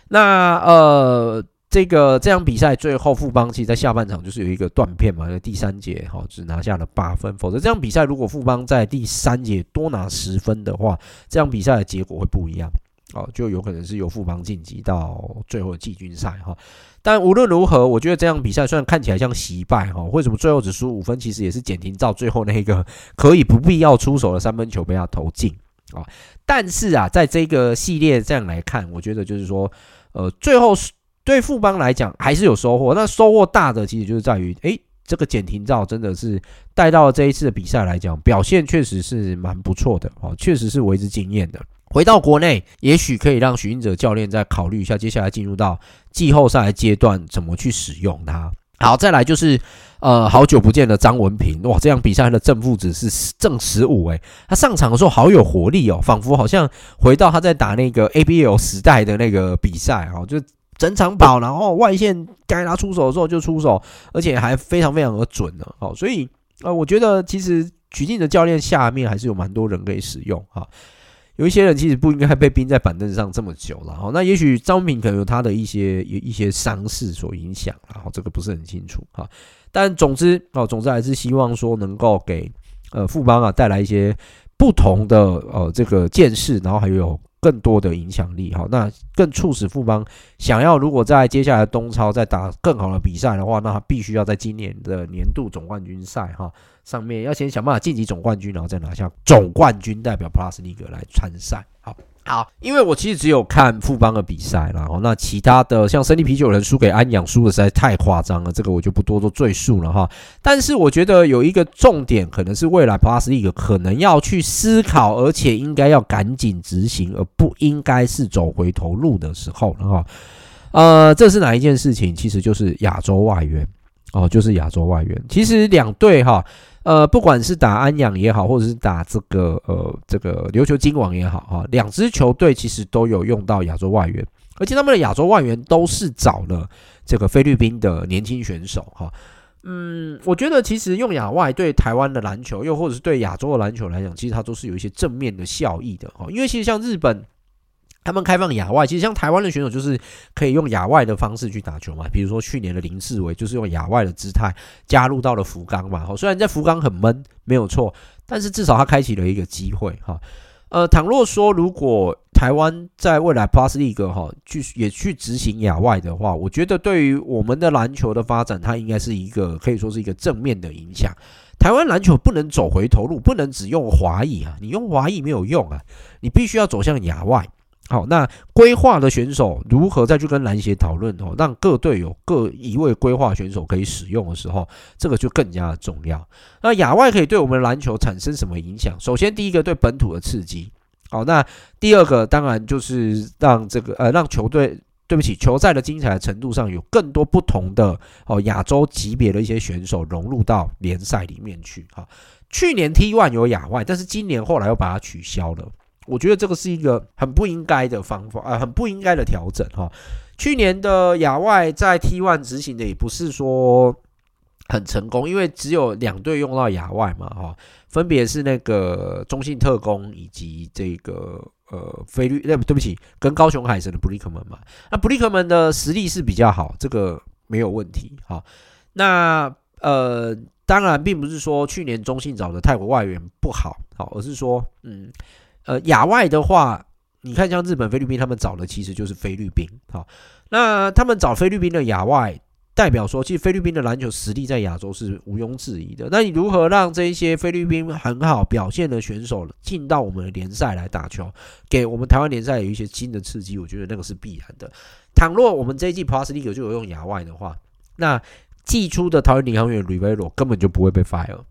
那呃，這個這場比賽最後富邦其實在下半場就是有一個斷片嘛，因為第三節哈只拿下了八分，否則這樣比賽如果富邦在第三節多拿十分的話，這樣比賽的結果會不一樣。哦，就有可能是由富邦晉級到最後的季軍賽哈。但無論如何，我覺得這場比賽雖然看起來像惜敗哈，為什麼最後只輸五分？其實也是簡廷照最後那個可以不必要出手的三分球被他投進啊。但是啊，在這個系列這樣來看，我覺得就是說，呃，最後對富邦來講還是有收穫。那收穫大的其實就是在於，哎，這個簡廷照真的是帶到了這一次的比賽來講，表現確實是蠻不錯的哦，確實是為之驚艷的。回到國內，也許可以讓許晉哲教練再考慮一下，接下來進入到季後賽的階段，怎麼去使用他？好，再來就是，呃，好久不見的張文平，哇，這樣比賽的正負值是正十五，哎，他上場的時候好有活力哦，仿佛好像回到他在打那個 ABL 時代的那個比賽哦，就整場跑，然後外線該拿出手的時候就出手，而且還非常非常的準呢。哦，所以，呃，我覺得其實許晉哲教練下面還是有蠻多人可以使用哈、喔。有一些人其實不應該被冰在板凳上這麼久了，哈，那也許張敏可能有他的一些有一些傷勢所影響，然後這個不是很清楚，哈。但總之，哦，總之還是希望說能夠給呃富邦啊帶來一些不同的呃這個見識，然後還有更多的影響力，哈。那更促使富邦想要，如果在接下來的東超再打更好的比賽的話，那他必須要在今年的年度總冠軍賽，哈。上面要先想辦法晉級總冠軍，然後再拿下總冠軍，代表 Plus League 來參賽。好，好，因為我其實只有看富邦的比賽，然後那其他的像生力啤酒人輸給安養，輸的實在太誇張了，這個我就不多做贅述了哈。但是我覺得有一個重點，可能是未來 Plus League 可能要去思考，而且應該要趕緊執行，而不應該是走回頭路的時候了哈。呃，這是哪一件事情？其實就是亞洲外援哦、呃，就是亞洲外援。其實兩隊哈。呃，不管是打安養也好，或者是打這個呃這個琉球金王也好哈，兩支球隊其實都有用到亞洲外援，而且他們的亞洲外援都是找了這個菲律賓的年輕選手哈、啊。嗯，我覺得其實用亞外對台灣的籃球，又或者是對亞洲的籃球來講，其實它都是有一些正面的效益的哈、啊，因為其實像日本。他們開放亞外，其實像台灣的選手就是可以用亞外的方式去打球嘛。比如說去年的林書緯就是用亞外的姿態加入到了福岡嘛。哈，雖然在福岡很悶，沒有錯，但是至少他開啟了一個機會哈。呃，倘若說如果台灣在未來 Plus League 哈去也去執行亞外的話，我覺得對於我們的籃球的發展，它應該是一個可以說是一個正面的影響。台灣籃球不能走回頭路，不能只用華裔啊，你用華裔沒有用啊，你必須要走向亞外。好，那歸化的選手如何再去跟籃協討論哦，讓各隊有各一位歸化選手可以使用的時候，這個就更加的重要。那亞外可以對我們籃球產生什麼影響？首先，第一個對本土的刺激。好，那第二個當然就是讓這個呃，讓球隊對不起球賽的精彩的程度上有更多不同的哦亞洲級別的一些選手融入到聯賽裡面去。哈，去年 T1 有亞外，但是今年後來又把它取消了。我覺得這個是一個很不應該的方法，啊、呃，很不應該的調整哈、哦。去年的亞外在 T1 執行的也不是說很成功，因為只有兩隊用到亞外嘛，哈、哦，分別是那個中信特攻以及這個呃菲律對不起，跟高雄海神的布利克曼嘛。那布利克曼的實力是比較好，這個沒有問題哈、哦。那呃，當然並不是說去年中信找的泰國外援不好，好、哦，而是說嗯。呃，亞外的話，你看像日本、菲律賓，他們找的其實就是菲律賓。好，那他們找菲律賓的亞外，代表說，其實菲律賓的籃球實力在亞洲是毋庸置疑的。那你如何讓這一些菲律賓很好表現的選手進到我們的聯賽來打球，給我們台灣聯賽有一些新的刺激？我覺得那個是必然的。倘若我們這一季 Plus League 就有用亞外的話，那季初的桃園領航員呂維羅根本就不會被 fire。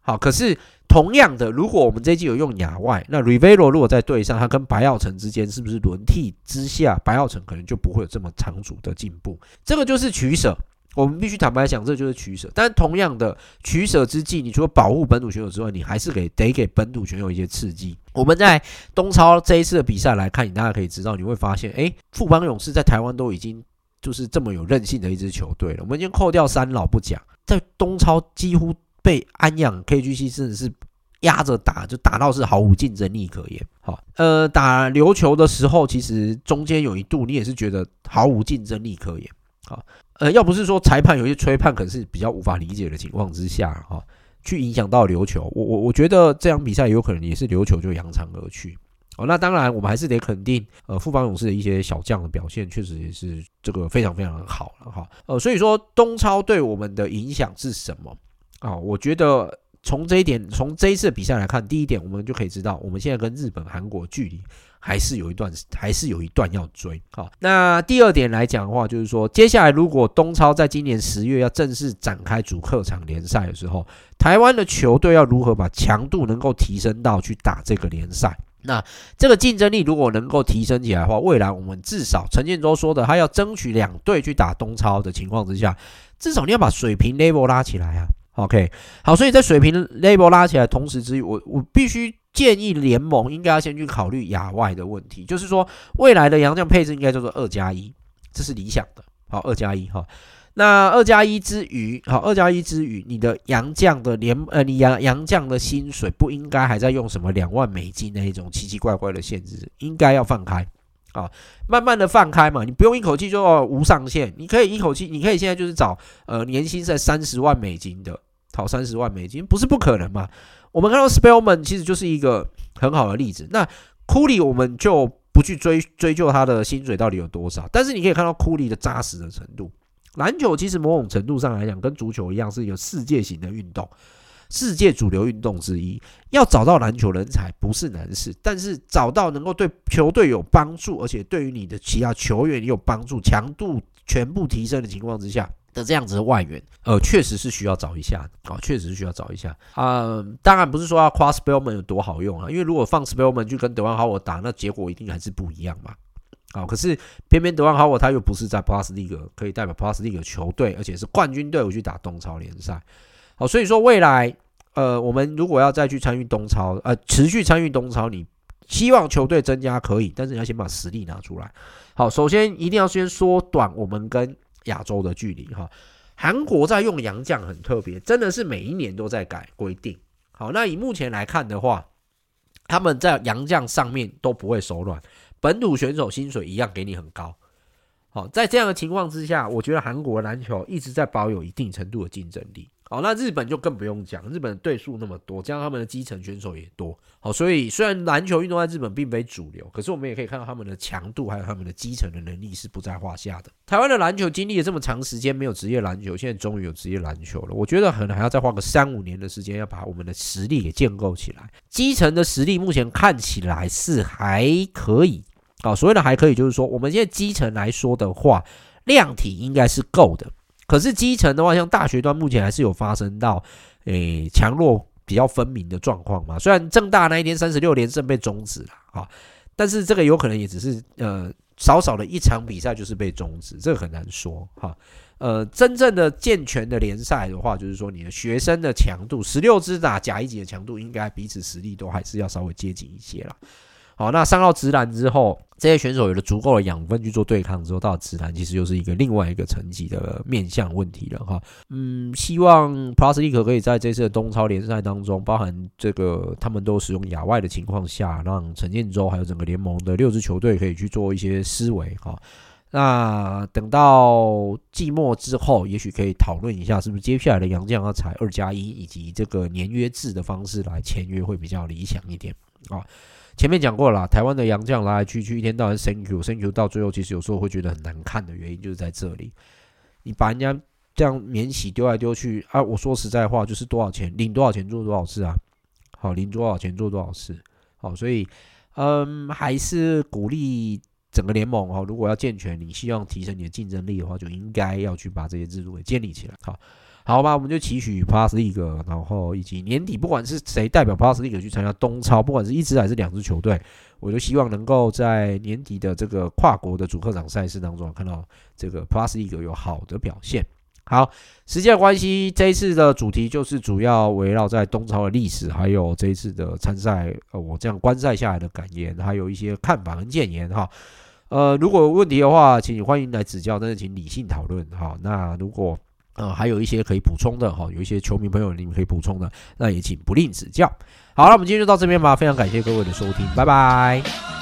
好，可是。同樣的，如果我們這一季有用亞外，那 Revelo 如果在對上他跟白耀城之間，是不是輪替之下，白耀城可能就不會有這麼長足的進步？這個就是取捨。我們必須坦白講，這個、就是取捨。但同樣的，取捨之際，你除了保護本土選手之外，你還是給得給本土選手一些刺激。我們在東超這一次的比賽來看，你大家可以知道，你會發現，誒、欸、富邦勇士在台灣都已經就是這麼有韌性的一支球隊了。我們先扣掉三老不講，在東超幾乎。被安養 KGC 甚至是壓着打，就打到是毫無競爭力可言。哈，呃，打琉球的時候，其實中間有一度，你也是覺得毫無競爭力可言。好，呃，要不是說裁判有些吹判，可能是比較無法理解的情況之下，哈，去影響到琉球。我我我覺得這場比賽有可能也是琉球就揚長而去。哦，那當然，我們還是得肯定，呃，富邦勇士的一些小將的表現，確實也是這個非常非常好了。哈，呃，所以說東超對我們的影響是什麼？啊，我覺得從這一點，從這一次的比賽來看，第一點我們就可以知道，我們現在跟日本、韓國距離還是有一段，還是有一段要追。好，那第二點來講的話，就是說，接下來如果東超在今年十月要正式展開主客場聯賽的時候，台灣的球隊要如何把強度能夠提升到去打這個聯賽？那這個競爭力如果能夠提升起來的話，未來我們至少陳建州說的，他要爭取兩隊去打東超的情況之下，至少你要把水平 level 拉起來啊。OK，好，所以在水平 label 拉起來同時之餘，我我必須建議聯盟應該要先去考慮亞外的問題，就是說未來的洋將配置應該叫做二加一，這是理想的。好，二加一哈，那二加一之餘，好，二加一之餘，你的洋將的聯呃，你洋洋將的薪水不應該還在用什麼兩萬美金那一種奇奇怪怪的限制，應該要放開。啊，慢慢的放開嘛，你不用一口氣就無上限，你可以一口氣，你可以現在就是找呃年薪在三十萬美金的，好，三十萬美金不是不可能嘛。我們看到 Spellman 其實就是一個很好的例子。那庫里我們就不去追追究他的薪水到底有多少，但是你可以看到庫里的紮實的程度。籃球其實某種程度上來講，跟足球一樣，是一個世界型的運動。世界主流運動之一，要找到籃球人才不是難事，但是找到能夠對球隊有幫助，而且對於你的其他球員也有幫助，強度全部提升的情況之下的這樣子的外援，呃，確實是需要找一下啊，確實是需要找一下。嗯、呃呃，當然不是說要誇 Spelman 有多好用啊，因為如果放 Spelman 去跟德萬豪爾打，那結果一定還是不一樣嘛。啊、呃，可是偏偏德萬豪爾他又不是在 Plus League 可以代表 Plus League 球隊，而且是冠軍隊伍去打東超聯賽。所以說未來，呃，我們如果要再去參與東超，呃，持續參與東超，你希望球隊增加可以，但是你要先把實力拿出來。好，首先一定要先縮短我們跟亞洲的距離哈。韓國在用洋將很特別，真的是每一年都在改規定。好，那以目前來看的話，他們在洋將上面都不會手軟，本土選手薪水一樣給你很高。好，在這樣的情況之下，我覺得韓國籃球一直在保有一定程度的競爭力。好、哦，那日本就更不用講，日本的隊數那麼多，加上他們的基層選手也多。好、哦，所以雖然籃球運動在日本並非主流，可是我們也可以看到他們的強度還有他們的基層的能力是不在話下的。台灣的籃球經歷了這麼長時間沒有職業籃球，現在終於有職業籃球了。我覺得可能還要再花個三五年的時間，要把我們的實力給建構起來。基層的實力目前看起來是還可以。好、哦，所謂的還可以，就是說我們現在基層來說的話，量體應該是夠的。可是基層的話，像大學端目前還是有發生到、呃，誒強弱比較分明的狀況嘛。雖然政大那一天三十六連勝被終止了啊，但是這個有可能也只是呃少少的一場比賽就是被終止，這個很難說哈。呃，真正的健全的聯賽的話，就是說你的學生的強度，十六支打甲一級的強度，應該彼此實力都還是要稍微接近一些了。好，那上到職籃之後，這些選手有了足夠的養分去做對抗之後，到職籃其實又是一個另外一個層級的面向問題了哈。嗯，希望 Plus League 可以在這次的東超聯賽當中，包含這個他們都使用亞外的情況下，讓陳建州還有整個聯盟的六支球隊可以去做一些思維哈。那等到季末之後，也許可以討論一下，是不是接下來的洋將要採二加一以及這個年約制的方式來簽約會比較理想一點啊。前面講過了啦，台灣的洋將來來去去，一天到晚 you，thank you。You 到最後其實有時候會覺得很難看的原因就是在這裡，你把人家這樣免洗丟來丟去啊！我說實在話，就是多少錢領多少錢做多少次啊？好，領多少錢做多少次？好，所以嗯，還是鼓勵整個聯盟哦。如果要健全，你希望提升你的競爭力的話，就應該要去把這些制度給建立起來。好。好吧，我們就期許 Plus League，然後以及年底，不管是誰代表 Plus League 去參加東超，不管是一支還是兩支球隊，我就希望能夠在年底的這個跨國的主客場賽事當中，看到這個 Plus League 有好的表現。好，時間關係，這一次的主題就是主要圍繞在東超的歷史，還有這一次的參賽，呃，我這樣觀賽下來的感言，還有一些看法跟建言哈。呃，如果有問題的話，請歡迎來指教，但是請理性討論哈。那如果啊、嗯，還有一些可以補充的哈，有一些球迷朋友你們可以補充的，那也請不吝指教。好了，我們今天就到這邊吧，非常感謝各位的收聽，拜拜。拜拜